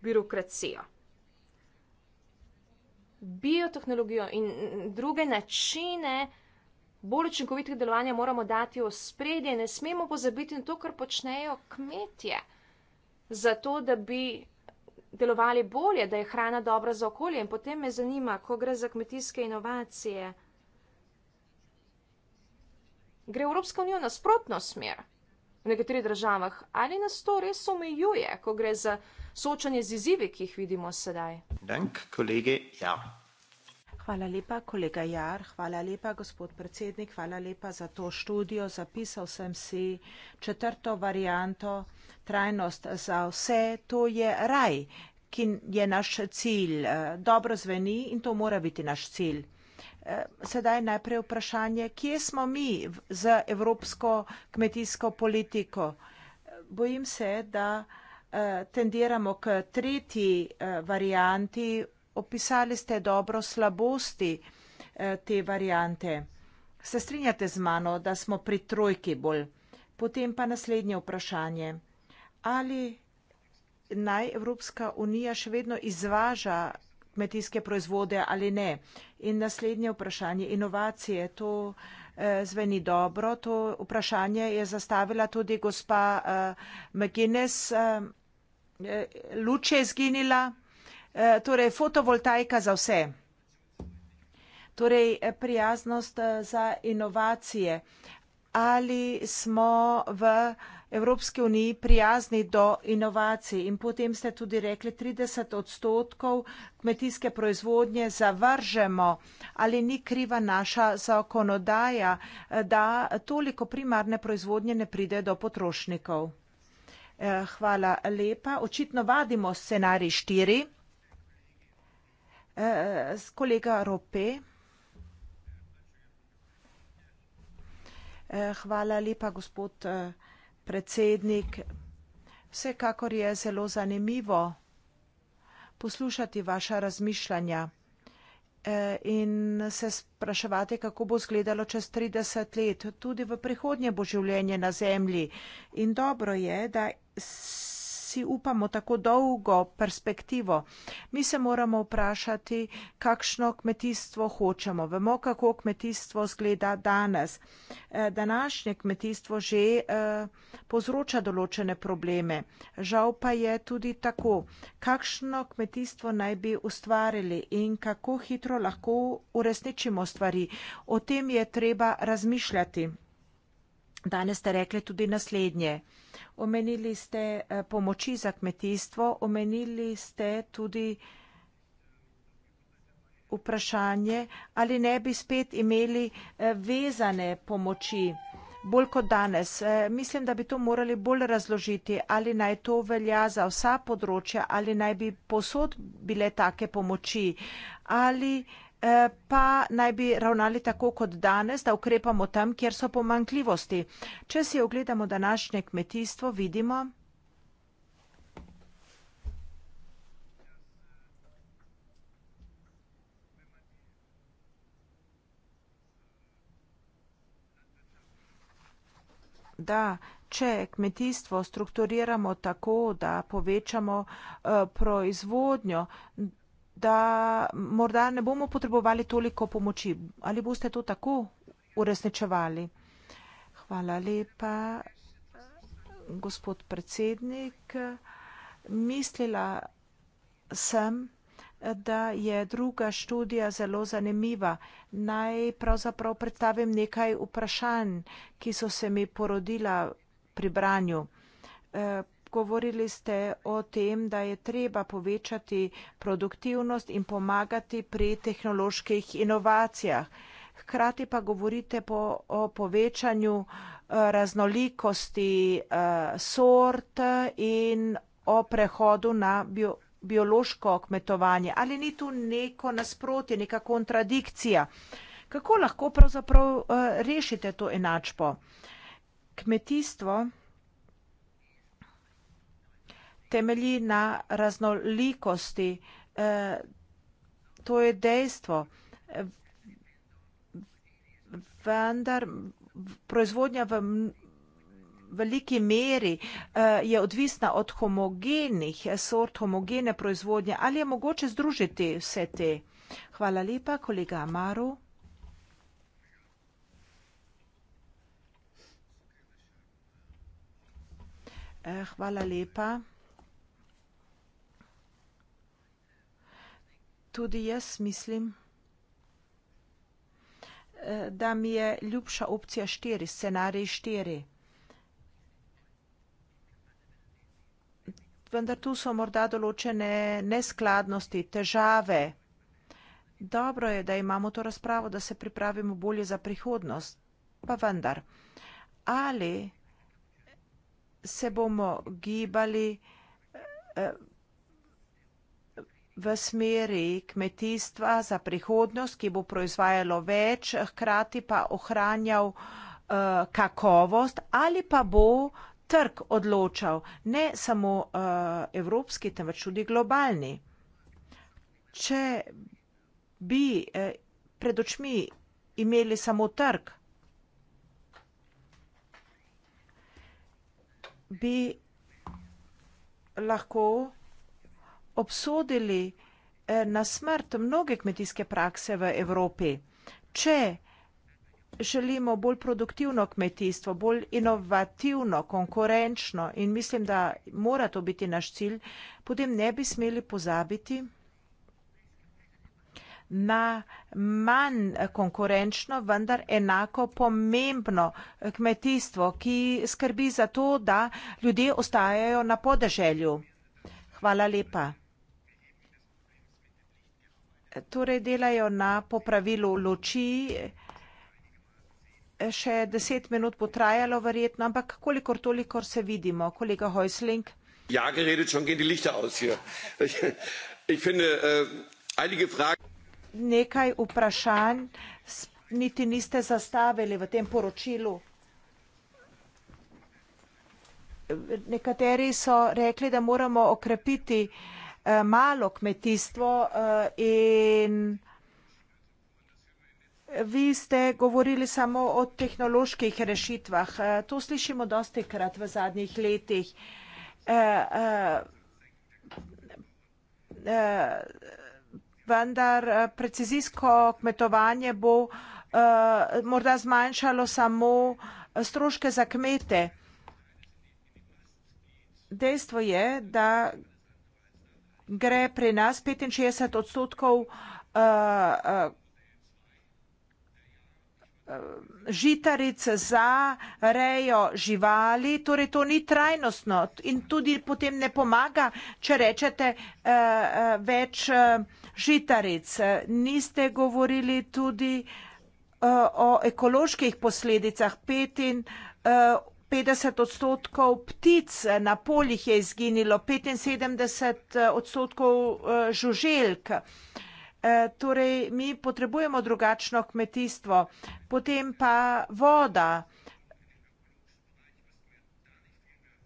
birokracijo biotehnologijo in druge načine bolj učinkovitih delovanja moramo dati v spredje. Ne smemo pozabiti na to, kar počnejo kmetje, zato da bi delovali bolje, da je hrana dobra za okolje. In potem me zanima, ko gre za kmetijske inovacije. Gre Evropska unija nasprotno smer v nekaterih državah ali nas to res omejuje, ko gre za soočanje z izzivi, ki jih vidimo sedaj. Dank, kolege, ja. Hvala lepa, kolega Jar, hvala lepa, gospod predsednik, hvala lepa za to študijo. Zapisal sem si četrto varianto, trajnost za vse, to je raj, ki je naš cilj. Eh, dobro zveni in to mora biti naš cilj. Eh, sedaj najprej vprašanje, kje smo mi z evropsko kmetijsko politiko? Eh, bojim se, da. Eh, tendiramo k tretji eh, varianti. Opisali ste dobro slabosti eh, te variante. Se strinjate z mano, da smo pri trojki bolj? Potem pa naslednje vprašanje. Ali naj Evropska unija še vedno izvaža kmetijske proizvode ali ne? In naslednje vprašanje, inovacije, to eh, zveni dobro. To vprašanje je zastavila tudi gospa eh, McGuinness. Eh, Eh, luč je izginila, eh, torej fotovoltaika za vse. Torej, eh, prijaznost za inovacije. Ali smo v Evropski uniji prijazni do inovacij? In potem ste tudi rekli, 30 odstotkov kmetijske proizvodnje zavržemo. Ali ni kriva naša zakonodaja, da toliko primarne proizvodnje ne pride do potrošnikov? Eh, hvala lepa. Očitno vadimo scenarij štiri. Eh, kolega Rope. Eh, hvala lepa, gospod predsednik. Vsekakor je zelo zanimivo poslušati vaša razmišljanja in se spraševati, kako bo zgledalo čez 30 let. Tudi v prihodnje bo življenje na Zemlji. In dobro je, da si upamo tako dolgo perspektivo. Mi se moramo vprašati, kakšno kmetijstvo hočemo. Vemo, kako kmetijstvo zgleda danes. Eh, današnje kmetijstvo že eh, povzroča določene probleme. Žal pa je tudi tako. Kakšno kmetijstvo naj bi ustvarili in kako hitro lahko uresničimo stvari. O tem je treba razmišljati. Danes ste rekli tudi naslednje. Omenili ste eh, pomoči za kmetijstvo, omenili ste tudi vprašanje, ali ne bi spet imeli eh, vezane pomoči, bolj kot danes. Eh, mislim, da bi to morali bolj razložiti, ali naj to velja za vsa področja, ali naj bi posod bile take pomoči, ali Eh, pa naj bi ravnali tako kot danes, da ukrepamo tam, kjer so pomankljivosti. Če si ogledamo današnje kmetijstvo, vidimo. Da, če kmetijstvo strukturiramo tako, da povečamo uh, proizvodnjo, da morda ne bomo potrebovali toliko pomoči. Ali boste to tako uresničevali? Hvala lepa, gospod predsednik. Mislila sem, da je druga študija zelo zanimiva. Naj pravzaprav predstavim nekaj vprašanj, ki so se mi porodila pri branju. Eh, govorili ste o tem, da je treba povečati produktivnost in pomagati pri tehnoloških inovacijah. Hkrati pa govorite po, o povečanju eh, raznolikosti eh, sort in o prehodu na bio, biološko kmetovanje. Ali ni tu neko nasprotje, neka kontradikcija? Kako lahko pravzaprav eh, rešite to enačbo? Kmetijstvo temelji na raznolikosti. E, to je dejstvo. Vendar proizvodnja v veliki meri e, je odvisna od homogenih sort, homogene proizvodnje. Ali je mogoče združiti vse te? Hvala lepa, kolega Amaru. E, hvala lepa. tudi jaz mislim, eh, da mi je ljubša opcija štiri, scenarij štiri. Vendar tu so morda določene neskladnosti, težave. Dobro je, da imamo to razpravo, da se pripravimo bolje za prihodnost. Pa vendar, ali se bomo gibali eh, v smeri kmetijstva za prihodnost, ki bo proizvajalo več, hkrati pa ohranjal eh, kakovost ali pa bo trg odločal, ne samo eh, evropski, temveč tudi globalni. Če bi eh, pred očmi imeli samo trg, bi lahko obsodili eh, na smrt mnoge kmetijske prakse v Evropi. Če želimo bolj produktivno kmetijstvo, bolj inovativno, konkurenčno in mislim, da mora to biti naš cilj, potem ne bi smeli pozabiti na manj konkurenčno, vendar enako pomembno kmetijstvo, ki skrbi za to, da ljudje ostajajo na podeželju. Hvala lepa torej delajo na popravilu luči. Še deset minut bo trajalo verjetno, ampak kolikor toliko se vidimo, kolega Hojsling. Ja, geredet, schon gehen die Lichter aus hier. Ich finde, äh, einige Fragen. Nekaj vprašanj niti niste zastavili v tem poročilu. Nekateri so rekli, da moramo okrepiti. Äh, Eh, malo kmetijstvo eh, in vi ste govorili samo o tehnoloških rešitvah. Eh, to slišimo dosti krat v zadnjih letih. Vendar precizijsko kmetovanje bo morda zmanjšalo samo stroške za kmete. Dejstvo je, da gre pri nas 65 odstotkov uh, uh, žitaric za rejo živali, torej to ni trajnostno in tudi potem ne pomaga, če rečete uh, uh, več uh, žitaric. Niste govorili tudi uh, o ekoloških posledicah 85 50 odstotkov ptic na poljih je izginilo, 75 eh, odstotkov eh, žuželk. Eh, torej, mi potrebujemo drugačno kmetijstvo, potem pa voda.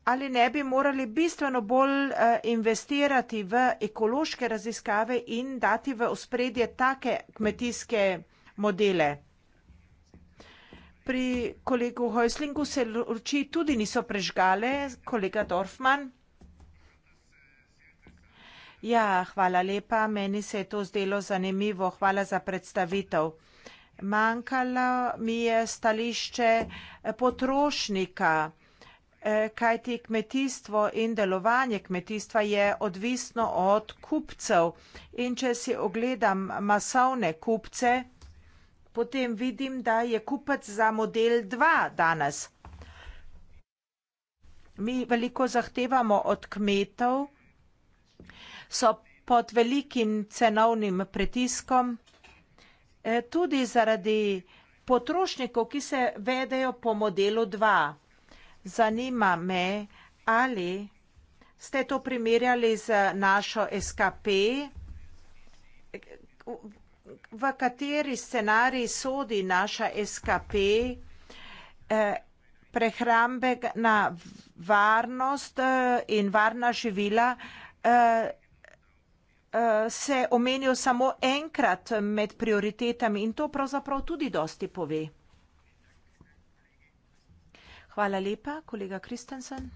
Ali ne bi morali bistveno bolj investirati v ekološke raziskave in dati v ospredje take kmetijske modele? pri kolegu Heuslingu se luči tudi niso prežgale, kolega Dorfman. Ja, hvala lepa, meni se je to zdelo zanimivo, hvala za predstavitev. Manjkalo mi je stališče eh, potrošnika, eh, kajti kmetijstvo in delovanje kmetijstva je odvisno od kupcev. In če si ogledam masovne kupce, Potem vidim, da je kupec za model 2 danes. Mi veliko zahtevamo od kmetov, so pod velikim cenovnim pritiskom, eh, tudi zaradi potrošnikov, ki se vedejo po modelu 2. Zanima me, ali ste to primerjali z našo SKP, v kateri scenarij sodi naša SKP eh, prehrambena varnost eh, in varna živila, eh, se omenijo samo enkrat med prioritetami in to pravzaprav tudi dosti pove. Hvala lepa, kolega Kristensen.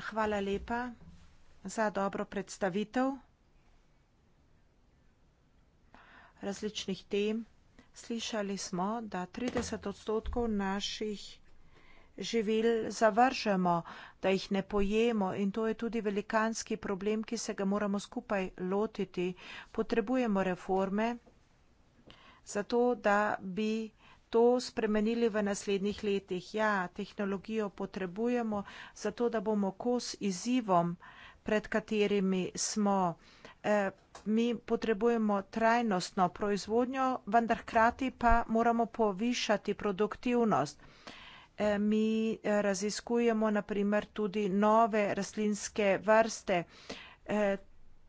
Hvala lepa za dobro predstavitev različnih tem. Slišali smo, da 30 odstotkov naših živil zavržemo, da jih ne pojemo in to je tudi velikanski problem, ki se ga moramo skupaj lotiti. Potrebujemo reforme, zato da bi to spremenili v naslednjih letih. Ja, tehnologijo potrebujemo, zato da bomo kos izzivom, pred katerimi smo. E, mi potrebujemo trajnostno proizvodnjo, vendar hkrati pa moramo povišati produktivnost. E, mi eh, raziskujemo naprimer tudi nove rastlinske vrste. E,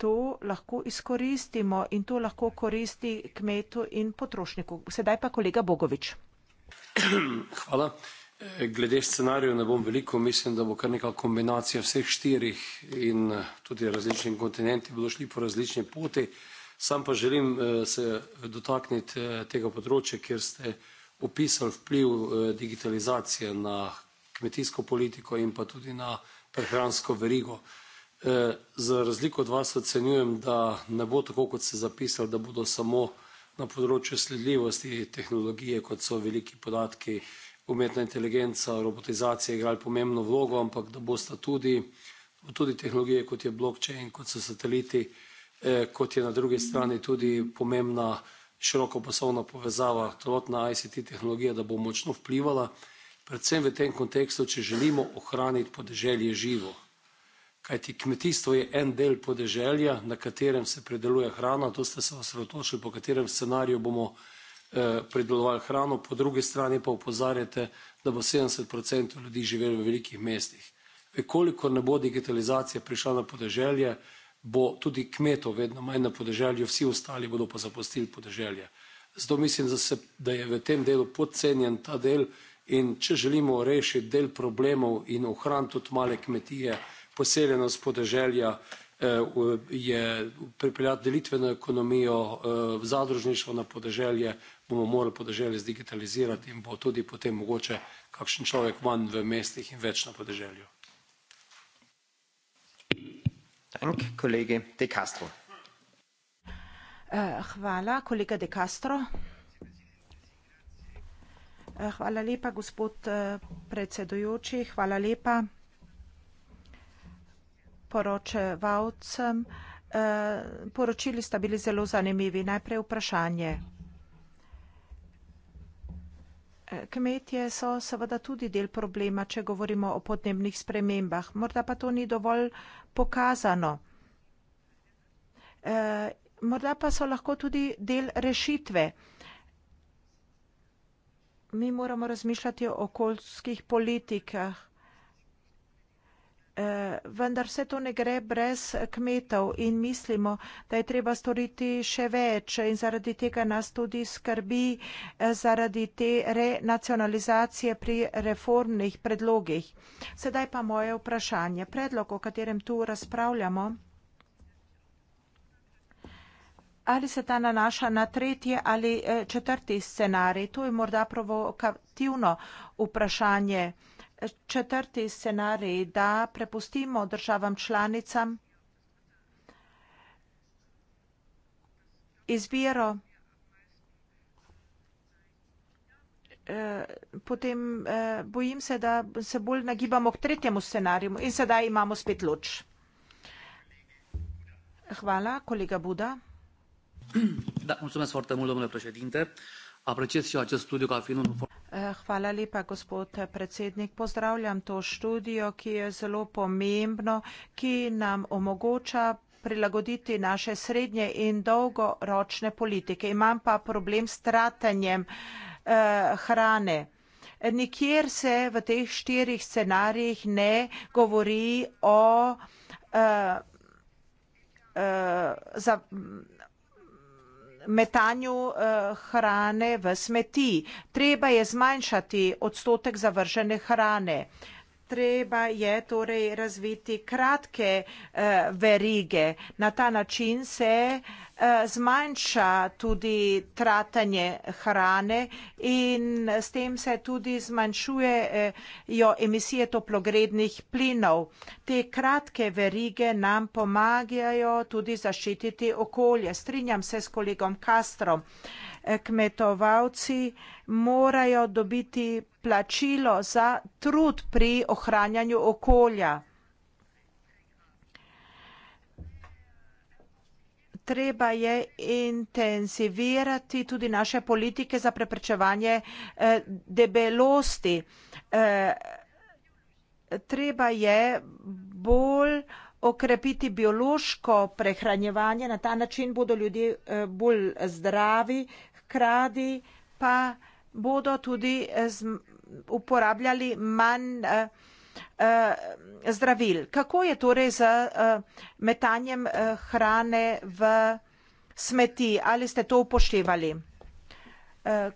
to lahko izkoristimo in to lahko koristi kmetu in potrošniku. Sedaj pa kolega Bogovič. [CLEARS THROAT] Hvala. E, glede scenarijev ne bom veliko, mislim, da bo kar neka kombinacija vseh štirih in e, tudi različnih kontinentov, bodo šli po različni poti. Sam pa želim e, se dotakniti tega področja, kjer ste opisali vpliv digitalizacije na kmetijsko politiko in pa tudi na prehransko verigo. Eh, za razliko od vas ocenjujem, da ne bo tako, kot ste zapisali, da bodo samo na področju sledljivosti tehnologije, kot so veliki podatki, umetna inteligenca, robotizacija igrali pomembno vlogo, ampak da bosta tudi, tudi tehnologije, kot je blockchain, kot so sateliti, eh, kot je na drugi strani tudi pomembna širokopasovna povezava, celotna ICT tehnologija, da bo močno vplivala, predvsem v tem kontekstu, če želimo ohraniti podeželje živo. Kajti kmetijstvo je en del podeželja, na katerem se predeluje hrana, to ste se osredotočili, po katerem scenariju bomo eh, predelovali hrano, po drugi strani pa opozarjate, da bo 70% ljudi živelo v velikih mestih. Kolikor ne bo digitalizacija prišla na podeželje, bo tudi kmetov vedno manj na podeželju, vsi ostali bodo pa zapustili podeželje. Zato mislim, da, se, da je v tem delu podcenjen ta del in če želimo rešiti del problemov in ohraniti tudi male kmetije, poseljenost podeželja eh, je pripeljati delitveno ekonomijo, eh, zadružništvo na podeželje, bomo morali podeželje zdigitalizirati in bo tudi potem mogoče kakšen človek manj v mestih in več na podeželju. Dank, kolegi De Castro. Eh, hvala, kolega De Castro. Hvala lepa, gospod predsedujoči, hvala lepa poročevalcem. Eh, poročili sta bili zelo zanimivi. Najprej vprašanje. Eh, kmetje so seveda tudi del problema, če govorimo o podnebnih spremembah. Morda pa to ni dovolj pokazano. Eh, morda pa so lahko tudi del rešitve. Mi moramo razmišljati o okoljskih politikah. Eh, vendar vse to ne gre brez kmetov in mislimo, da je treba storiti še več in zaradi tega nas tudi skrbi eh, zaradi te renacionalizacije pri reformnih predlogih. Sedaj pa moje vprašanje. Predlog, o katerem tu razpravljamo, ali se ta nanaša na tretji ali eh, četrti scenarij? To je morda provokativno vprašanje četrti scenarij, da prepustimo državam članicam izbiro, eh, potem eh, bojim se, da se bolj nagibamo k tretjemu scenariju in sedaj imamo spet luč. Hvala, kolega Buda. Da, mulțumesc foarte mult, domnule președinte. Apreciez și acest studiu ca fiind un... Eh, hvala lepa, gospod predsednik. Pozdravljam to študijo, ki je zelo pomembno, ki nam omogoča prilagoditi naše srednje in dolgoročne politike. Imam pa problem s tratanjem eh, hrane. Nikjer se v teh štirih scenarijih ne govori o uh, uh, za, metanju uh, hrane v smeti. Treba je zmanjšati odstotek zavržene hrane. Uh, treba je torej razviti kratke uh, verige. Na ta način se eh, zmanjša tudi tratanje hrane in s tem se tudi zmanjšujejo eh, emisije toplogrednih plinov. Te kratke verige nam pomagajo tudi zaščititi okolje. Strinjam se s kolegom Kastrom. Uh, kmetovalci morajo dobiti plačilo za trud pri ohranjanju okolja. Treba je intenzivirati tudi naše politike za preprečevanje eh, debelosti. Eh, treba je bolj okrepiti biološko prehranjevanje, na ta način bodo ljudje eh, bolj zdravi, hkrati pa bodo tudi eh, uporabljali manj eh, eh, zdravil. Kako je torej z metanjem hrane v smeti? Ali ste to upoštevali?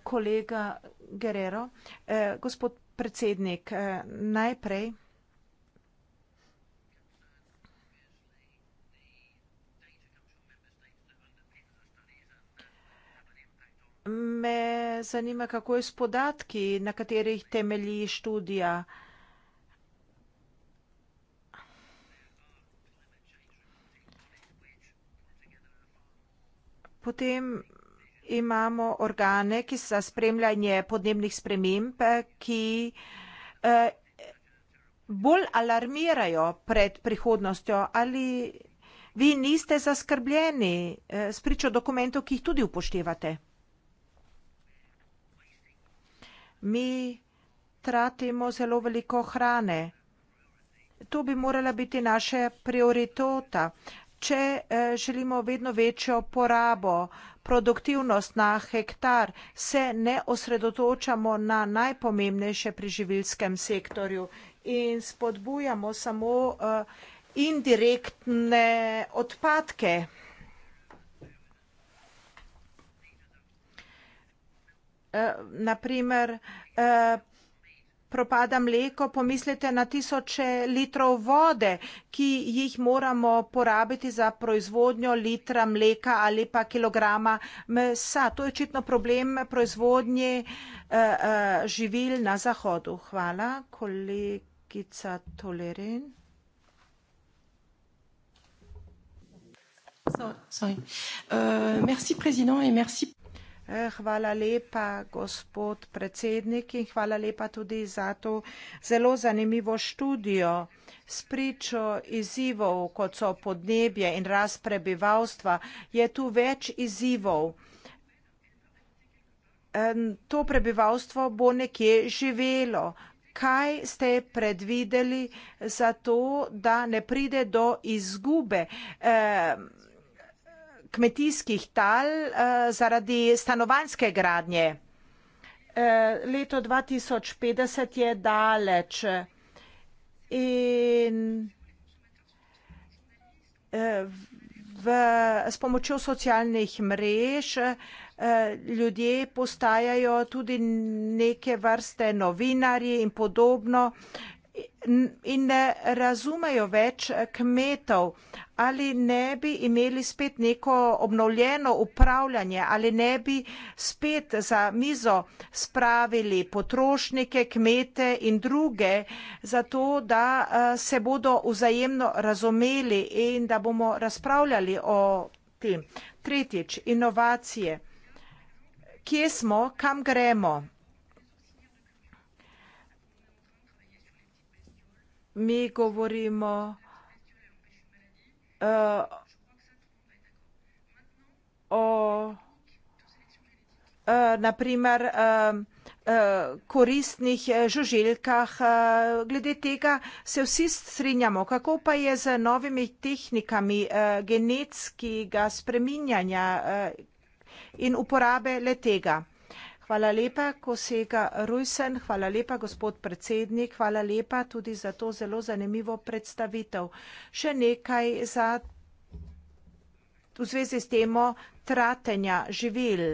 Kolega Guerrero, gospod predsednik, najprej. me zanima, kako je s podatki, na katerih temelji študija. Potem imamo organe, ki so spremljanje podnebnih sprememb, ki eh, bolj alarmirajo pred prihodnostjo ali vi niste zaskrbljeni eh, s pričo dokumentov, ki jih tudi upoštevate. mi tratimo zelo veliko hrane. To bi morala biti naša prioriteta. Če eh, želimo vedno večjo porabo, produktivnost na hektar, se ne osredotočamo na najpomembnejše pri živilskem sektorju in spodbujamo samo eh, indirektne odpadke. Eh, na primer, eh, propada mleko, pomislite na tisoče litrov vode, ki jih moramo porabiti za proizvodnjo litra mleka ali pa kilograma mesa. To je očitno problem proizvodnje eh, živil na Zahodu. Hvala, kolegica Tolerin. So, uh, merci, président, et merci. Eh, hvala lepa, gospod predsednik, in hvala lepa tudi za to zelo zanimivo študijo s pričo izzivov, kot so podnebje in rast prebivalstva. Je tu več izzivov. To prebivalstvo bo nekje živelo. Kaj ste predvideli za to, da ne pride do izgube? Eh, kmetijskih tal eh, zaradi stanovanske gradnje. Eh, leto 2050 je daleč in eh, v, s pomočjo socialnih mrež ljudje postajajo tudi neke vrste novinarji in podobno in ne razumejo več kmetov, ali ne bi imeli spet neko obnovljeno upravljanje, ali ne bi spet za mizo spravili potrošnike, kmete in druge, zato da eh, se bodo vzajemno razumeli in da bomo razpravljali o tem. Tretjič, inovacije. Kje smo, kam gremo? Mi govorimo o euh, au, euh, na primer, euh, koristnih eh, žuželjkah. Eh, glede tega se vsi strinjamo. Kako pa je z novimi tehnikami genetskega spreminjanja in uporabe letega? Hvala lepa, kosega Rujsen, hvala lepa, gospod predsednik, hvala lepa tudi za to zelo zanimivo predstavitev. Še nekaj za, v zvezi s temo tratenja živil.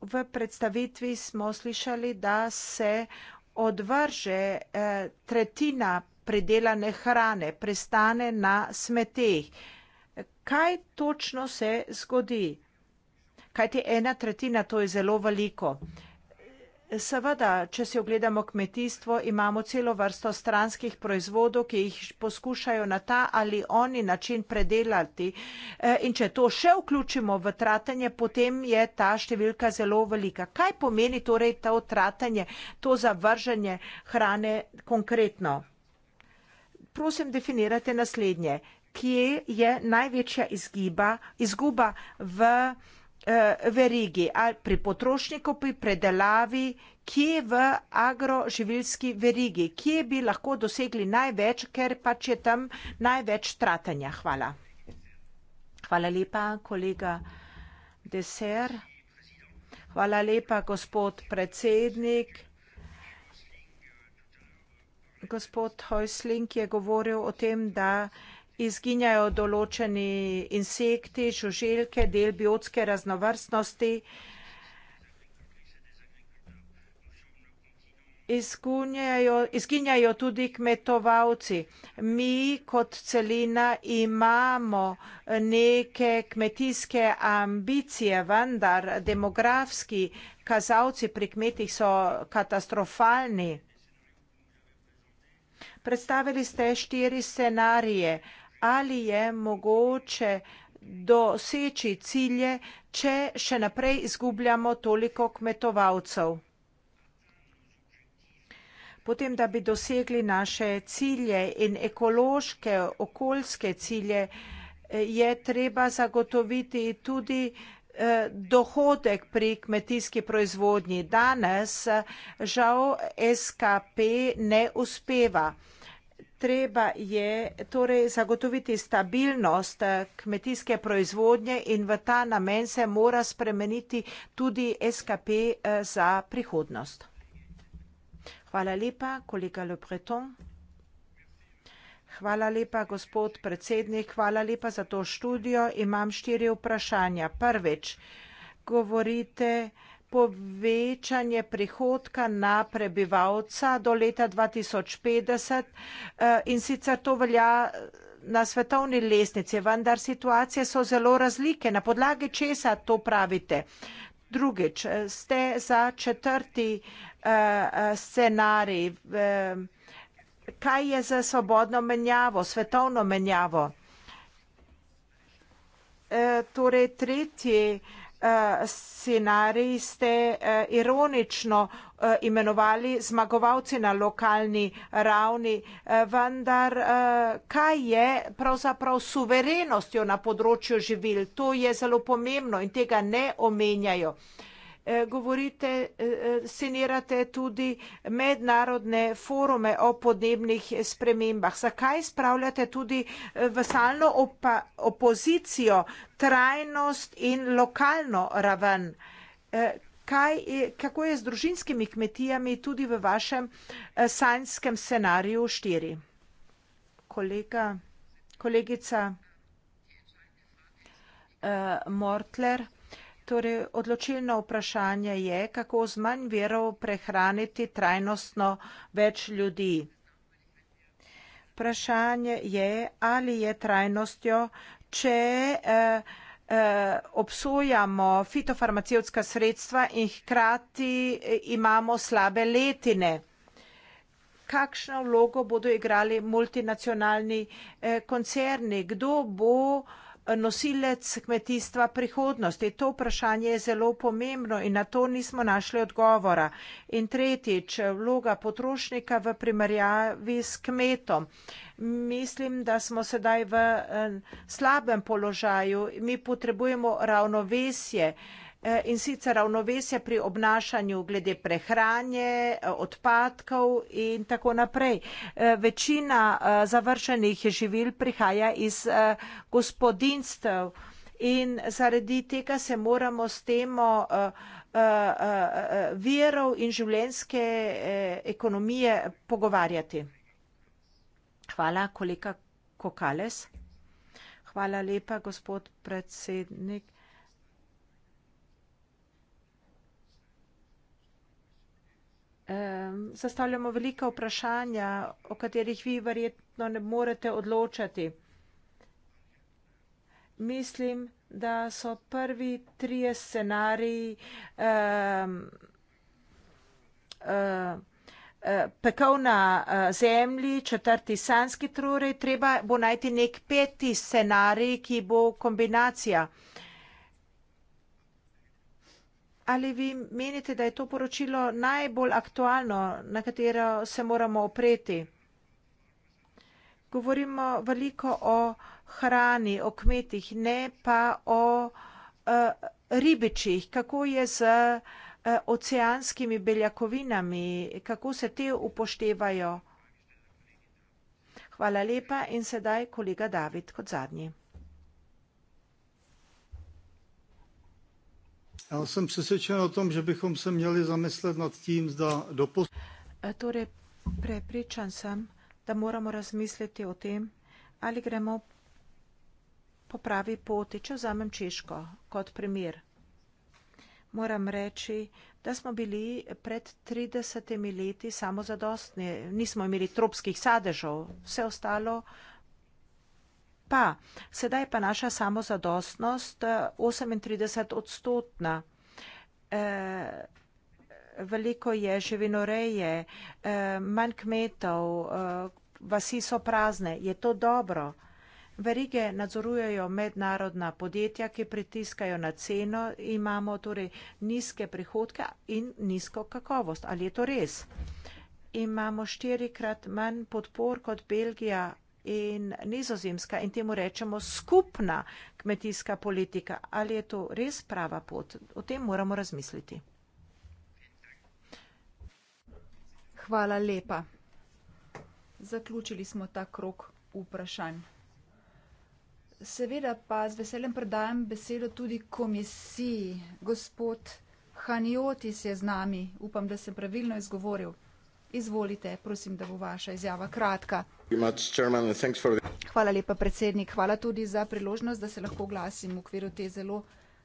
V predstavitvi smo slišali, da se odvrže eh, tretjina pridelane hrane, prestane na smeteh. Kaj točno se zgodi? kajti ena tretjina to je zelo veliko. Seveda, če si ogledamo kmetijstvo, imamo celo vrsto stranskih proizvodov, ki jih poskušajo na ta ali oni način predelati. E, in če to še vključimo v tratanje, potem je ta številka zelo velika. Kaj pomeni torej to tratanje, to zavrženje hrane konkretno? Prosim, definirajte naslednje. Kje je največja izgiba, izguba v Eh, verigi, ali pri potrošniku, pri predelavi, kje v agroživilski verigi, kje bi lahko dosegli največ, ker pač je tam največ tratanja. Hvala. Hvala lepa, kolega Deser. Hvala lepa, gospod predsednik. Gospod Hojslink je govoril o tem, da izginjajo določeni insekti, žuželke, del biotske raznovrstnosti. Izginjajo, izginjajo tudi kmetovalci. Mi kot celina imamo neke kmetijske ambicije, vendar demografski kazalci pri kmetih so katastrofalni. Predstavili ste štiri scenarije ali je mogoče doseči cilje, če še naprej izgubljamo toliko kmetovalcev. Potem, da bi dosegli naše cilje in ekološke, okoljske cilje, je treba zagotoviti tudi eh, dohodek pri kmetijski proizvodnji. Danes eh, žal SKP ne uspeva treba je torej zagotoviti stabilnost eh, kmetijske proizvodnje in v ta namen se mora spremeniti tudi SKP eh, za prihodnost. Hvala lepa, kolega Le Breton. Hvala lepa, gospod predsednik, hvala lepa za to študijo. Imam štiri vprašanja. Prvič, govorite, povečanje prihodka na prebivalca do leta 2050 eh, in sicer to velja na svetovni lesnici, vendar situacije so zelo razlike. Na podlagi česa to pravite? Drugič, eh, ste za četrti eh, scenarij. Kaj je za svobodno menjavo, svetovno menjavo? Torej, tretji scenarij. Eh, scenariji ste uh, ironično uh, imenovali zmagovalci na lokalni ravni, uh, vendar uh, kaj je pravzaprav suverenostjo na področju živil? To je zelo pomembno in tega ne omenjajo. Uh, Eh, govorite, eh, eh, scenirate tudi mednarodne forume o podnebnih spremembah. Zakaj spravljate tudi vasalno opa, opozicijo, trajnost in lokalno raven? Kaj, kako je z družinskimi kmetijami tudi v vašem sanjskem scenariju štiri? Kolega, kolegica uh, Mortler. Torej, odločilno vprašanje je, kako z manj verov prehraniti trajnostno več ljudi. Vprašanje je, ali je trajnostjo, če eh, eh, obsojamo fitofarmacevtska sredstva in hkrati eh, imamo slabe letine. Kakšno vlogo bodo igrali multinacionalni eh, koncerni? Kdo bo eh, nosilec kmetijstva prihodnosti. To vprašanje je zelo pomembno in na to nismo našli odgovora. In tretjič, vloga potrošnika v primerjavi s kmetom. Mislim, da smo sedaj v eh, slabem položaju. Mi potrebujemo ravnovesje. Eh, in sicer ravnovesje pri obnašanju glede prehranje, eh, odpadkov in tako naprej. Eh, večina završenih živil prihaja iz gospodinstv in zaradi tega se moramo s temo verov in življenske ekonomije pogovarjati. Hvala, kolega Kokales. Hvala lepa, gospod predsednik. zastavljamo velika vprašanja, o katerih vi verjetno ne morete odločati. Mislim, da so prvi trije scenariji eh, pekovna eh, zemlji, četrti sanski trurej, treba bo najti nek peti scenarij, ki bo kombinacija. Uh, Ali vi menite, da je to poročilo najbolj aktualno, na katero se moramo opreti? Govorimo veliko o hrani, o kmetih, ne pa o uh, ribičih, kako je z uh, oceanskimi beljakovinami, kako se te upoštevajo. Hvala lepa in sedaj kolega David kot zadnji. Já jsem přesvědčen o tom, že bychom se měli zamyslet nad tím, zda do pos... E, torej, prepričan sem, da moramo razmisliti o tem, ali gremo po pravi poti, če vzamem Češko kot primer. Moram reči, da smo bili pred 30 leti samozadostni, nismo imeli tropskih sadežov, vse ostalo pa, sedaj pa naša samozadostnost 38 odstotna. E, veliko je živinoreje, e, manj kmetov, e, vasi so prazne, je to dobro. Verige nadzorujejo mednarodna podjetja, ki pritiskajo na ceno, imamo torej nizke prihodke in nizko kakovost. Ali je to res? Imamo štirikrat manj podpor kot Belgija in nizozemska in temu rečemo skupna kmetijska politika. Ali je to res prava pot? O tem moramo razmisliti. Hvala lepa. Zaključili smo ta krok vprašanj. Seveda pa z veseljem predajam besedo tudi komisiji. Gospod Hanjotis je z nami. Upam, da sem pravilno izgovoril. Izvolite, prosim, da bo vaša izjava kratka. Hvala lepa, predsednik. Hvala tudi za priložnost, da se lahko glasim v okviru te zelo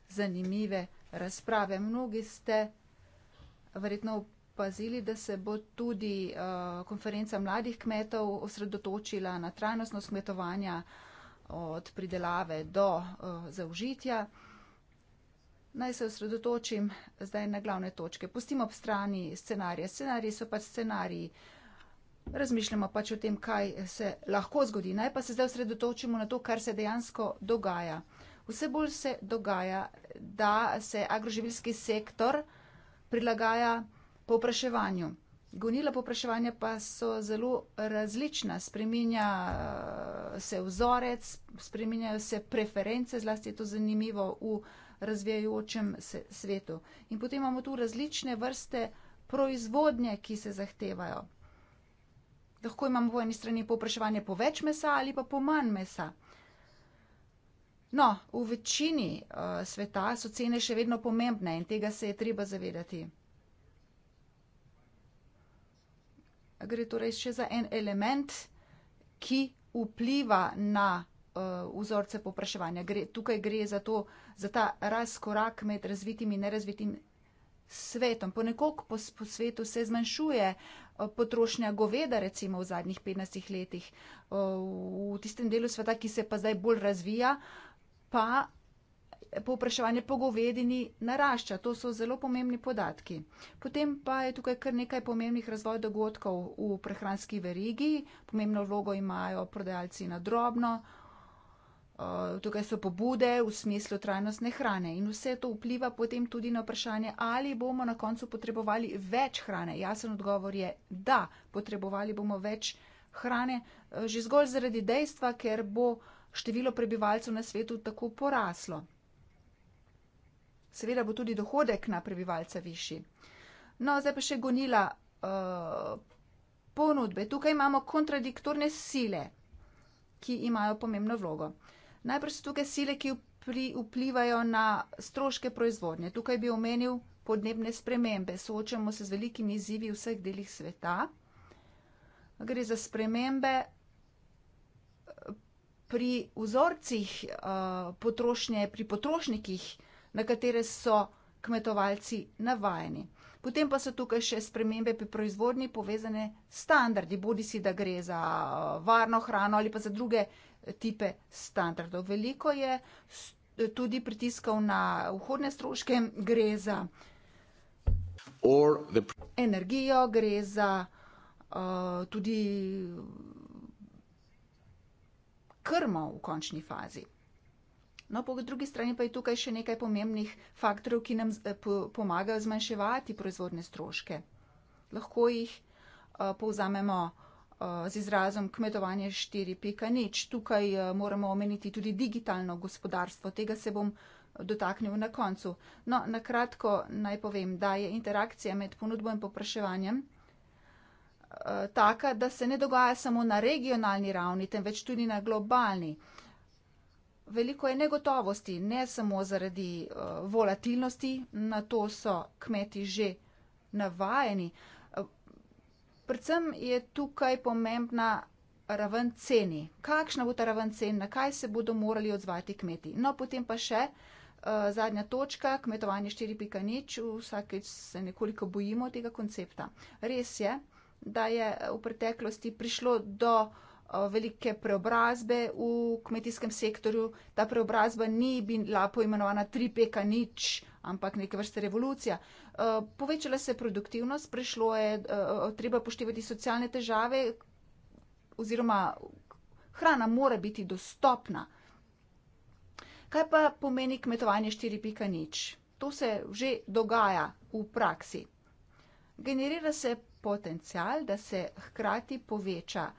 zanimive razprave. Mnogi ste verjetno opazili, da se bo tudi uh, konferenca mladih kmetov osredotočila na trajnostnost kmetovanja od pridelave do uh, zaužitja. Naj se osredotočim zdaj na glavne točke. Pustimo ob strani scenarije. Scenariji so pa scenariji. Uh, razmišljamo pač o tem, kaj se lahko zgodi. Naj pa se zdaj osredotočimo na to, kar se dejansko dogaja. Vse bolj se dogaja, da se agroživilski sektor prilagaja popraševanju. Gonila popraševanja pa so zelo različna. Spreminja eh, se vzorec, spreminjajo se preference, zlasti je to zanimivo v razvijajočem svetu. In potem imamo tu različne vrste proizvodnje, ki se zahtevajo lahko imamo po eni strani povpraševanje po več mesa ali pa po manj mesa. No, v večini uh, sveta so cene še vedno pomembne in tega se je treba zavedati. Gre torej še za en element, ki vpliva na uh, vzorce popraševanja. Gre, tukaj gre za, to, za ta razkorak med razvitim in nerazvitim svetom. Ponekog po, po svetu se zmanjšuje uh, potrošnja goveda recimo v zadnjih 15 letih v tistem delu sveta, ki se pa zdaj bolj razvija, pa povpraševanje po govedini narašča. To so zelo pomembni podatki. Potem pa je tukaj kar nekaj pomembnih razvoj dogodkov v prehranski verigi. Pomembno vlogo imajo prodajalci na drobno, Eh, tukaj so pobude v smislu trajnostne hrane in vse to vpliva potem tudi na vprašanje, ali bomo na koncu potrebovali več hrane. Jasen odgovor je, da potrebovali bomo več hrane eh, že zgolj zaradi dejstva, ker bo število prebivalcev na svetu tako poraslo. Seveda bo tudi dohodek na prebivalca višji. No, zdaj pa še gonila uh, ponudbe. Tukaj imamo kontradiktorne sile, ki imajo pomembno vlogo. Uh, Najbrž so tukaj sile, ki vplivajo na stroške proizvodnje. Tukaj bi omenil podnebne spremembe. Soočamo se z velikimi izzivi v vseh delih sveta. Gre za spremembe pri vzorcih eh, potrošnje, pri potrošnikih, na katere so kmetovalci navajeni. Potem pa so tukaj še spremembe pri proizvodnji povezane s standardi, bodi si da gre za eh, varno hrano ali pa za druge tipe standardov. Veliko je tudi pritiskov na vhodne stroške, gre za the... energijo, gre za uh, tudi krmo v končni fazi. No, po drugi strani pa je tukaj še nekaj pomembnih faktorjev, ki nam eh, pomagajo zmanjševati proizvodne stroške. Lahko jih uh, povzamemo. Eh, z izrazom kmetovanje 4.0. Tukaj eh, moramo omeniti tudi digitalno gospodarstvo. Tega se bom eh, dotaknil na koncu. No, na kratko naj povem, da je interakcija med ponudbo in popraševanjem taka, da se ne dogaja samo na regionalni ravni, temveč tudi na globalni. Veliko je negotovosti, ne samo zaradi volatilnosti, na to so kmeti že navajeni. Predvsem je tukaj pomembna raven ceni. Kakšna bo ta raven cen, na kaj se bodo morali odzvati kmeti. No, potem pa še uh, zadnja točka, kmetovanje 4.0. Vsakeč se nekoliko bojimo tega koncepta. Res je, da je eh, v preteklosti prišlo do eh, velike preobrazbe v kmetijskem sektorju. Ta preobrazba ni bila poimenovana 3.0 ampak neke vrste revolucija. Eh, povečala se je produktivnost, prišlo je, eh, treba poštevati socialne težave oziroma hrana mora biti dostopna. Kaj pa pomeni kmetovanje 4.0? To se že dogaja v praksi. Generira se potencial, da se hkrati poveča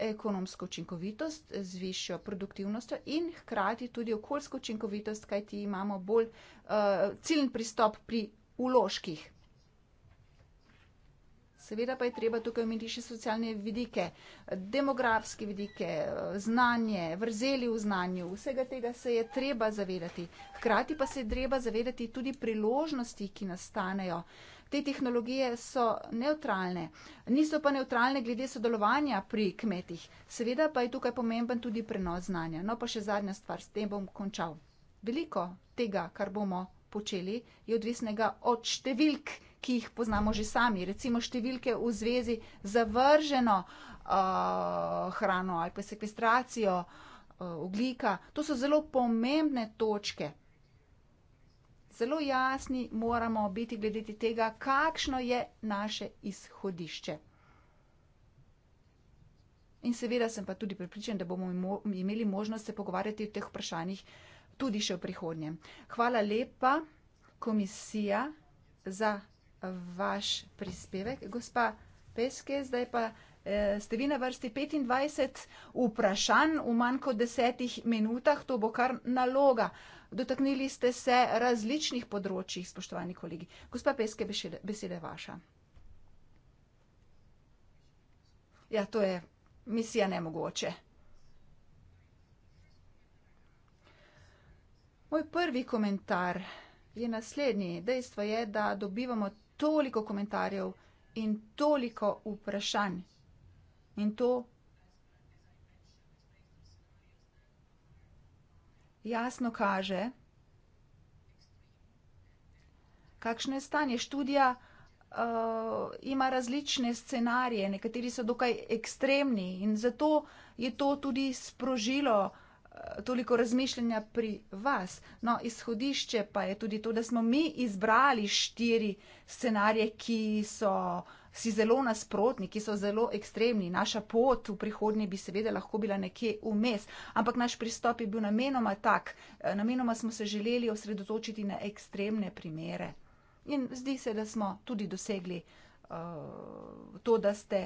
ekonomsko učinkovitost z višjo produktivnostjo in hkrati tudi okoljsko učinkovitost, kajti imamo bolj uh, ciljen pristop pri uloških. Seveda pa je treba tukaj omeniti še socialne vidike, demografske vidike, eh, znanje, vrzeli v znanju. Vsega tega se je treba zavedati. Hkrati pa se je treba zavedati tudi priložnosti, ki nastanejo. Uh, Te tehnologije so neutralne, niso pa neutralne glede sodelovanja pri kmetih. Seveda pa je tukaj pomemben tudi prenos znanja. No pa še zadnja stvar, s tem bom končal. Veliko tega, kar bomo počeli, je odvisnega od številk, ki jih poznamo že sami. Recimo številke v zvezi z zavrženo uh, hrano ali pa sekvestracijo uh, oglika. To so zelo pomembne točke zelo jasni moramo biti glede tega, kakšno je naše izhodišče. In seveda sem pa tudi pripričan, da bomo imeli možnost se pogovarjati o teh vprašanjih tudi še v prihodnje. Hvala lepa, komisija, za vaš prispevek. Gospa Peske, zdaj pa eh, ste vi na vrsti 25 vprašanj v manj kot desetih minutah, to bo kar naloga. Dotaknili ste se različnih področjih, spoštovani kolegi. Gospa Peske, besede, besede vaša. Ja, to je misija nemogoče. Moj prvi komentar je naslednji. Dejstvo je, da dobivamo toliko komentarjev in toliko vprašanj. In to jasno kaže, kakšno je stanje. Študija uh, ima različne scenarije, nekateri so dokaj ekstremni in zato je to tudi sprožilo uh, toliko razmišljanja pri vas. No, izhodišče pa je tudi to, da smo mi izbrali štiri scenarije, ki so uh, si zelo nasprotni, ki so zelo ekstremni. Naša pot v prihodnje bi seveda lahko bila nekje vmes, ampak naš pristop je bil namenoma tak. Eh, namenoma smo se želeli osredotočiti na ekstremne primere. In zdi se, da smo tudi dosegli uh, to, da ste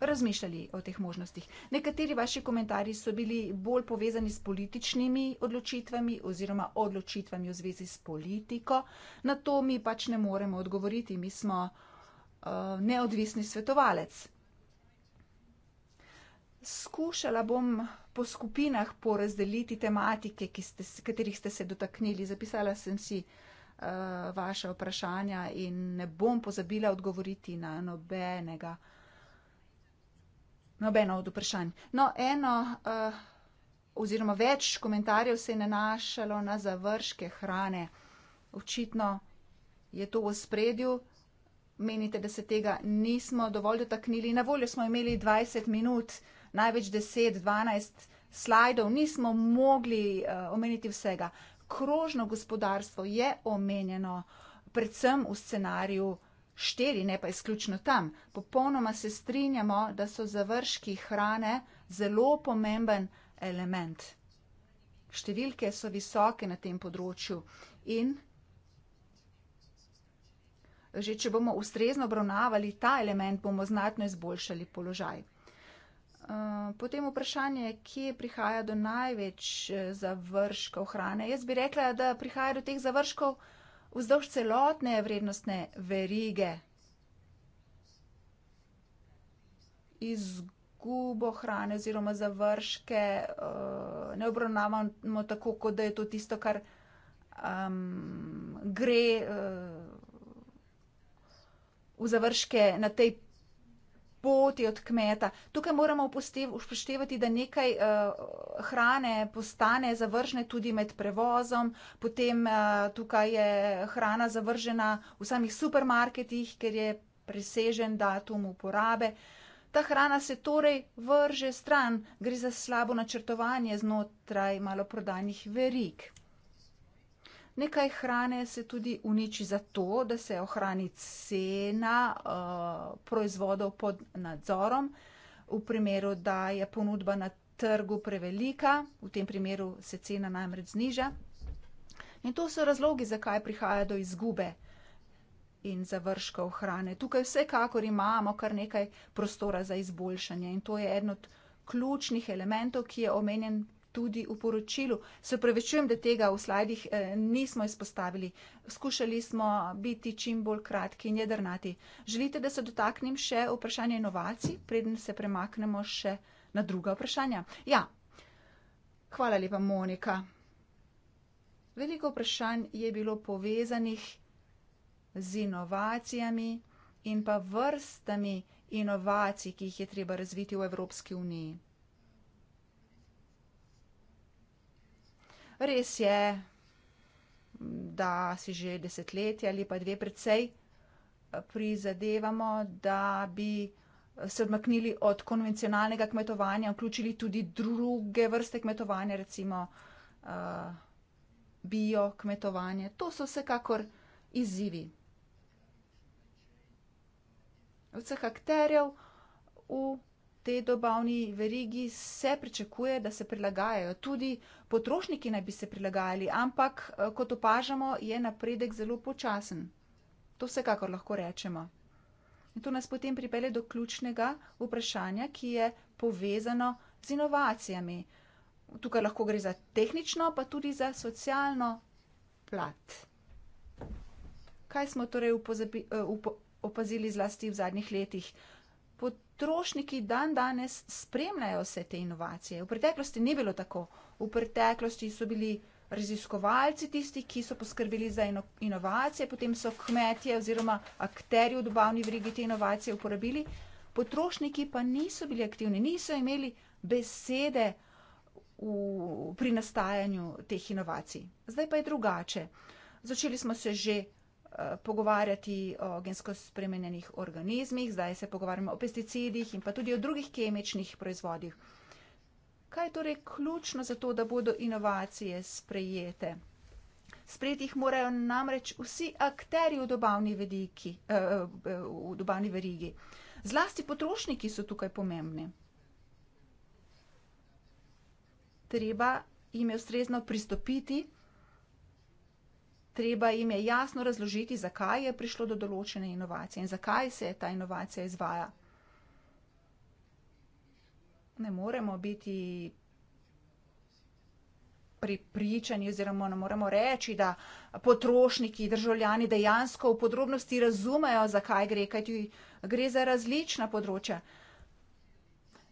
razmišljali o teh možnostih. Nekateri vaši komentarji so bili bolj povezani s političnimi odločitvami oziroma odločitvami v zvezi s politiko. Na to mi pač ne moremo odgovoriti. Mi smo uh, Eh, neodvisni svetovalec. Skušala bom po skupinah porazdeliti tematike, ki ste, katerih ste se dotaknili. Zapisala sem si eh, vaša vprašanja in ne bom pozabila odgovoriti na nobenega, nobeno od vprašanj. No, eno eh, oziroma več komentarjev se je nanašalo na završke hrane. Očitno je to v spredju menite, da se tega nismo dovolj dotaknili. Na voljo smo imeli 20 minut, največ 10, 12 slajdov, nismo mogli uh, omeniti vsega. Krožno gospodarstvo je omenjeno predvsem v scenariju štiri, ne pa izključno tam. Popolnoma se strinjamo, da so završki hrane zelo pomemben element. Številke so visoke na tem področju in že če bomo ustrezno obravnavali ta element, bomo znatno izboljšali položaj. Uh, potem vprašanje, kje prihaja do največ eh, završkov hrane. Jaz bi rekla, da prihaja do teh završkov vzdolž celotne vrednostne verige. Izgubo hrane oziroma završke eh, ne obravnavamo tako, kot da je to tisto, kar um, gre. Uh, v završke na tej poti od kmeta. Tukaj moramo upoštevati, da nekaj uh, hrane postane zavržne tudi med prevozom, potem uh, tukaj je hrana zavržena v samih supermarketih, ker je presežen datum uporabe. Ta hrana se torej vrže stran, gre za slabo načrtovanje znotraj maloprodajnih verik. Nekaj hrane se tudi uniči zato, da se ohrani cena uh, proizvodov pod nadzorom. V primeru, da je ponudba na trgu prevelika, v tem primeru se cena namreč zniža. In to so razlogi, zakaj prihaja do izgube in završkov hrane. Tukaj vsekakor imamo kar nekaj prostora za izboljšanje in to je eno od ključnih elementov, ki je omenjen tudi v poročilu. Se prevečujem, da tega v slajdih eh, nismo izpostavili. Skušali smo biti čim bolj kratki in jedrnati. Želite, da se dotaknem še vprašanja inovacij, preden se premaknemo še na druga vprašanja? Ja, hvala lepa, Monika. Veliko vprašanj je bilo povezanih z inovacijami in pa vrstami inovacij, ki jih je treba razviti v Evropski uniji. Res je, da si že desetletje ali pa dve predvsej eh, prizadevamo, da bi se odmaknili od konvencionalnega kmetovanja, vključili tudi druge vrste kmetovanja, recimo uh, eh, bio kmetovanje. To so vsekakor izzivi. Vseh akterjev v te dobavni verigi se pričakuje, da se prilagajajo. Tudi potrošniki naj bi se prilagajali, ampak eh, kot opažamo, je napredek zelo počasen. To vsekakor lahko rečemo. In to nas potem pripelje do ključnega vprašanja, ki je povezano z inovacijami. Tukaj lahko gre za tehnično, pa tudi za socialno plat. Kaj smo torej upozabi, eh, upo, opazili zlasti v zadnjih letih? potrošniki dan danes spremljajo vse te inovacije. V preteklosti ni bilo tako. V preteklosti so bili raziskovalci tisti, ki so poskrbeli za inovacije, potem so kmetje oziroma akterji v dobavni verigi te inovacije uporabili, potrošniki pa niso bili aktivni, niso imeli besede v, pri nastajanju teh inovacij. Zdaj pa je drugače. Začeli smo se že Eh, pogovarjati o gensko spremenjenih organizmih, zdaj se pogovarjamo o pesticidih in pa tudi o drugih kemičnih proizvodih. Kaj je torej ključno za to, da bodo inovacije sprejete? Sprejeti jih morajo namreč vsi akteri v dobavni, vediki, eh, eh, v dobavni verigi. Zlasti potrošniki so tukaj pomembni. Treba jim je ustrezno pristopiti treba jim je jasno razložiti, zakaj je prišlo do določene inovacije in zakaj se ta inovacija izvaja. Ne moremo biti pripričani oziroma ne moremo reči, da potrošniki, državljani dejansko v podrobnosti razumejo, zakaj gre, kajti gre za različna področja.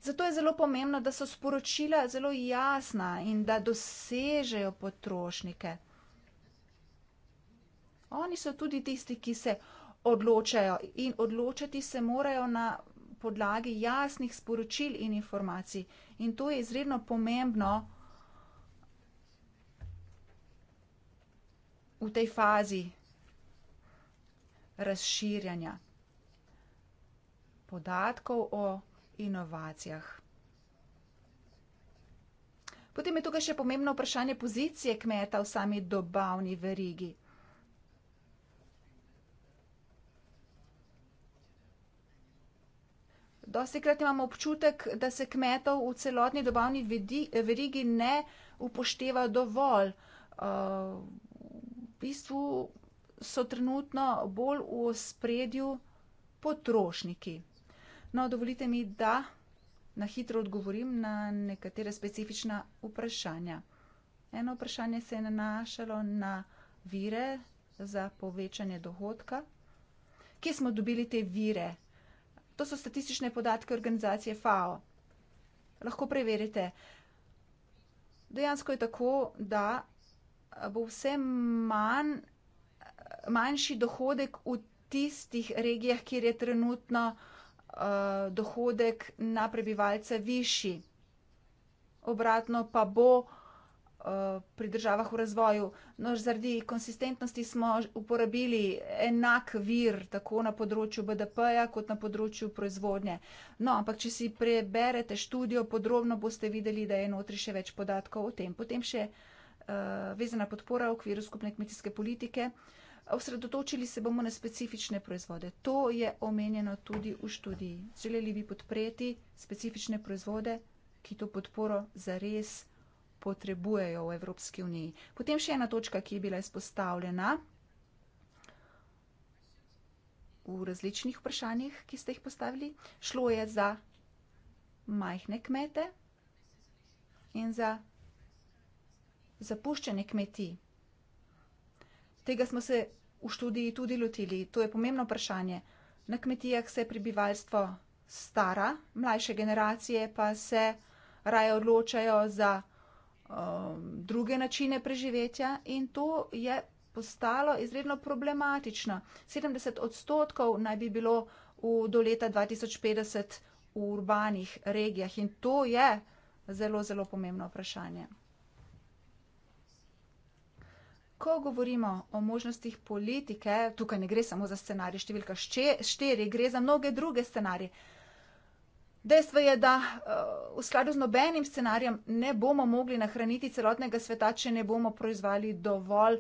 Zato je zelo pomembno, da so sporočila zelo jasna in da dosežejo potrošnike. Oni so tudi tisti, ki se odločajo in odločiti se morajo na podlagi jasnih sporočil in informacij. In to je izredno pomembno v tej fazi razširjanja podatkov o inovacijah. Potem je tukaj še pomembno vprašanje pozicije kmeta v sami dobavni verigi. Dostikrat imamo občutek, da se kmetov v celotni dobavni verigi ne upošteva dovolj. Eh, v bistvu so trenutno bolj v ospredju potrošniki. No, dovolite mi, da na hitro odgovorim na nekatera specifična vprašanja. Eno vprašanje se je nanašalo na vire za povečanje dohodka. Kje smo dobili te vire? To so statistične podatke organizacije FAO. Lahko preverite. Dejansko je tako, da bo vse manj, manjši dohodek v tistih regijah, kjer je trenutno uh, dohodek na prebivalce višji. Obratno pa bo. Eh, pri državah v razvoju. No, zaradi konsistentnosti smo uporabili enak vir, tako na področju BDP-ja, kot na področju proizvodnje. No, ampak, če si preberete študijo podrobno, boste videli, da je notri še več podatkov o tem. Potem še uh, vezana podpora v okviru skupne kmetijske politike. Osredotočili se bomo na specifične proizvode. To je omenjeno tudi v študiji. Želeli bi podpreti specifične proizvode, ki to podporo zares. res potrebujejo v Evropski uniji. Potem še ena točka, ki je bila izpostavljena v različnih vprašanjih, ki ste jih postavili. Šlo je za majhne kmete in za zapuščene kmetij. Tega smo se v študiji tudi lotili. To je pomembno vprašanje. Na kmetijah se prebivalstvo stara, mlajše generacije pa se raje odločajo za um, druge načine preživetja in to je postalo izredno problematično. 70 odstotkov naj bi bilo v, do leta 2050 v urbanih regijah in to je zelo, zelo pomembno vprašanje. Ko govorimo o možnostih politike, tukaj ne gre samo za scenarij številka 4, gre za mnoge druge scenarije. Dejstvo je, da eh, v skladu z nobenim scenarijem ne bomo mogli nahraniti celotnega sveta, če ne bomo proizvali dovolj,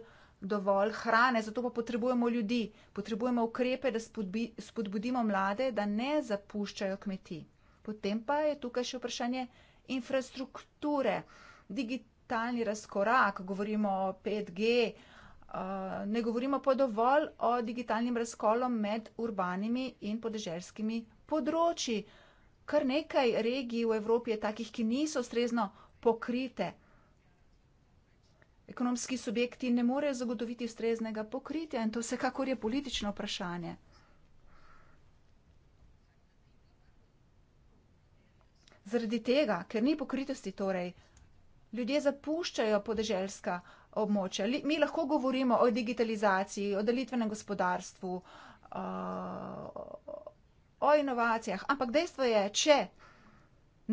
dovolj hrane. Zato pa potrebujemo ljudi, potrebujemo ukrepe, da spodbudimo mlade, da ne zapuščajo kmetij. Potem pa je tukaj še vprašanje infrastrukture, digitalni razkorak, govorimo o 5G. Eh, ne govorimo pa dovolj o digitalnim razkolom med urbanimi in podeželskimi področji kar nekaj regij v Evropi je takih, ki niso ustrezno pokrite. Ekonomski subjekti ne morejo zagotoviti ustreznega pokritja in to vsekakor je politično vprašanje. Zaradi tega, ker ni pokritosti torej, ljudje zapuščajo podeželska območja. Mi lahko govorimo o digitalizaciji, o delitvenem gospodarstvu, o inovacijah. Ampak dejstvo je, če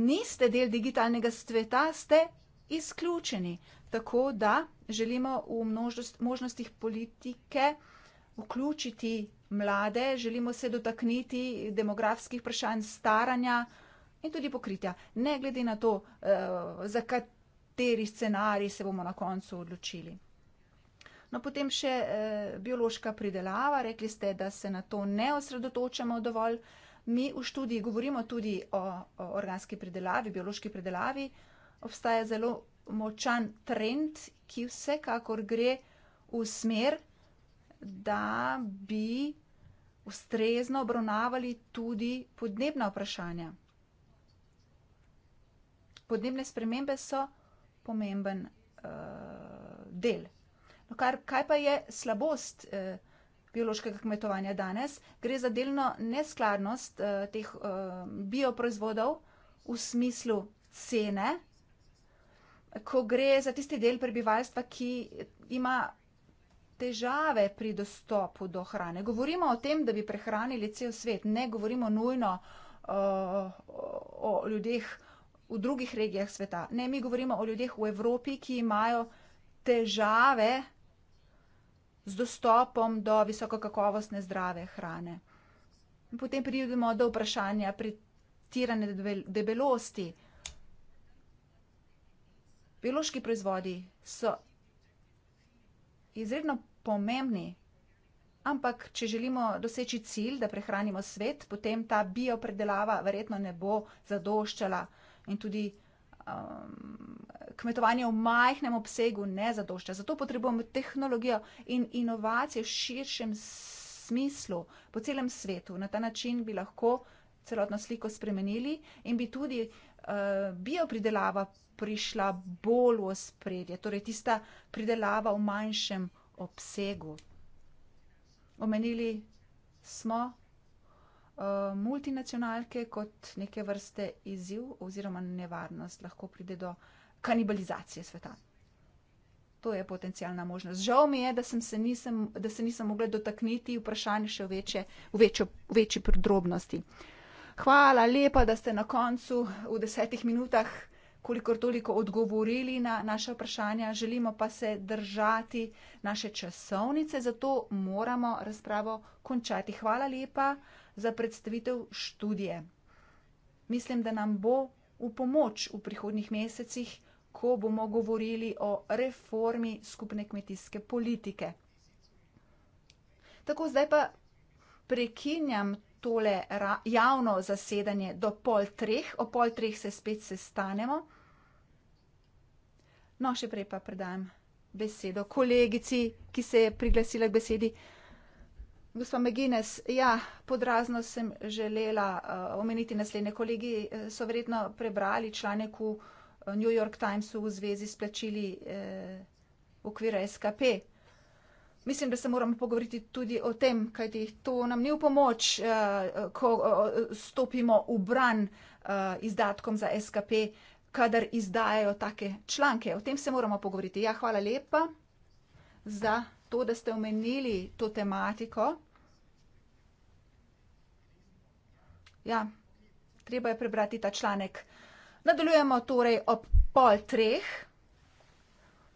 niste del digitalnega sveta, ste izključeni. Tako da želimo v množnost, možnostih politike vključiti mlade, želimo se dotakniti demografskih vprašanj, staranja in tudi pokritja. Ne glede na to, eh, za kateri scenarij se bomo na koncu odločili. No, potem še eh, biološka pridelava. Rekli ste, da se na to ne osredotočamo dovolj. Mi v študiji govorimo tudi o, o organski pridelavi, biološki pridelavi. Obstaja zelo močan trend, ki vsekakor gre v smer, da bi ustrezno obravnavali tudi podnebna vprašanja. Podnebne spremembe so pomemben uh, del kar, kaj pa je slabost eh, biološkega kmetovanja danes? Gre za delno neskladnost eh, teh eh, bioproizvodov v smislu cene, ko gre za tisti del prebivalstva, ki ima težave pri dostopu do hrane. Govorimo o tem, da bi prehranili cel svet, ne govorimo nujno eh, o, o ljudeh v drugih regijah sveta. Ne, mi govorimo o ljudeh v Evropi, ki imajo težave z dostopom do visokokakovostne zdrave hrane. Potem pridemo do vprašanja pretirane debelosti. Biološki proizvodi so izredno pomembni, ampak če želimo doseči cilj, da prehranimo svet, potem ta biopredelava verjetno ne bo zadoščala in tudi um, kmetovanje v majhnem obsegu ne zadošča. Zato potrebujemo tehnologijo in inovacije v širšem smislu po celem svetu. Na ta način bi lahko celotno sliko spremenili in bi tudi uh, biopridelava prišla bolj v spredje, torej tista pridelava v manjšem obsegu. Omenili smo Eh, multinacionalke kot neke vrste izziv oziroma nevarnost, lahko pride do kanibalizacije sveta. To je potencijalna možnost. Žal mi je, da, sem se, nisem, da se nisem mogla dotakniti vprašanja še v, večje, v, večjo, v večji podrobnosti. Hvala lepa, da ste na koncu v desetih minutah kolikor toliko odgovorili na naše vprašanja. Želimo pa se držati naše časovnice, zato moramo razpravo končati. Hvala lepa za predstavitev študije. Mislim, da nam bo v pomoč v prihodnih mesecih, ko bomo govorili o reformi skupne kmetijske politike. Tako, zdaj pa prekinjam tole javno zasedanje do pol treh, o pol treh se spet sestanemo. No, še prej pa predajam besedo kolegici, ki se je priglasila k besedi. Gospa Megines, ja, podrazno sem želela uh, omeniti naslednje. Kolegi eh, so verjetno prebrali članek v eh, New York Timesu v zvezi s plačili uh, okvira SKP. Mislim, da se moramo pogovoriti tudi o tem, kajti to nam ni v pomoč, uh, ko uh, stopimo v bran uh, izdatkom za SKP, kadar izdajajo take članke. O tem se moramo pogovoriti. Ja, hvala lepa za. To, da ste omenili to tematiko. ja. Treba je prebrati ta članek. Nadaljujemo torej ob pol treh.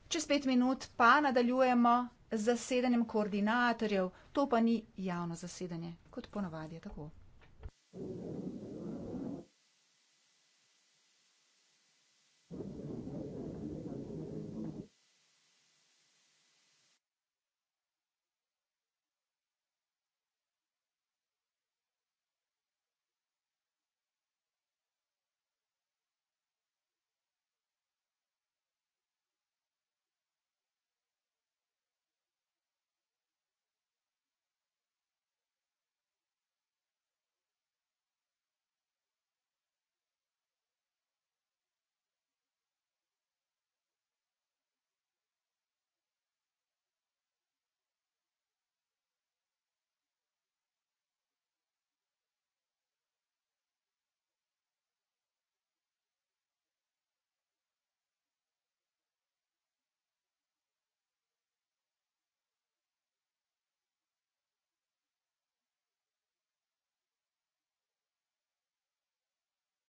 Čez pet minut pa nadaljujemo z zasedanjem koordinatorjev. To pa ni javno zasedanje, kot ponavadi je tako. thank you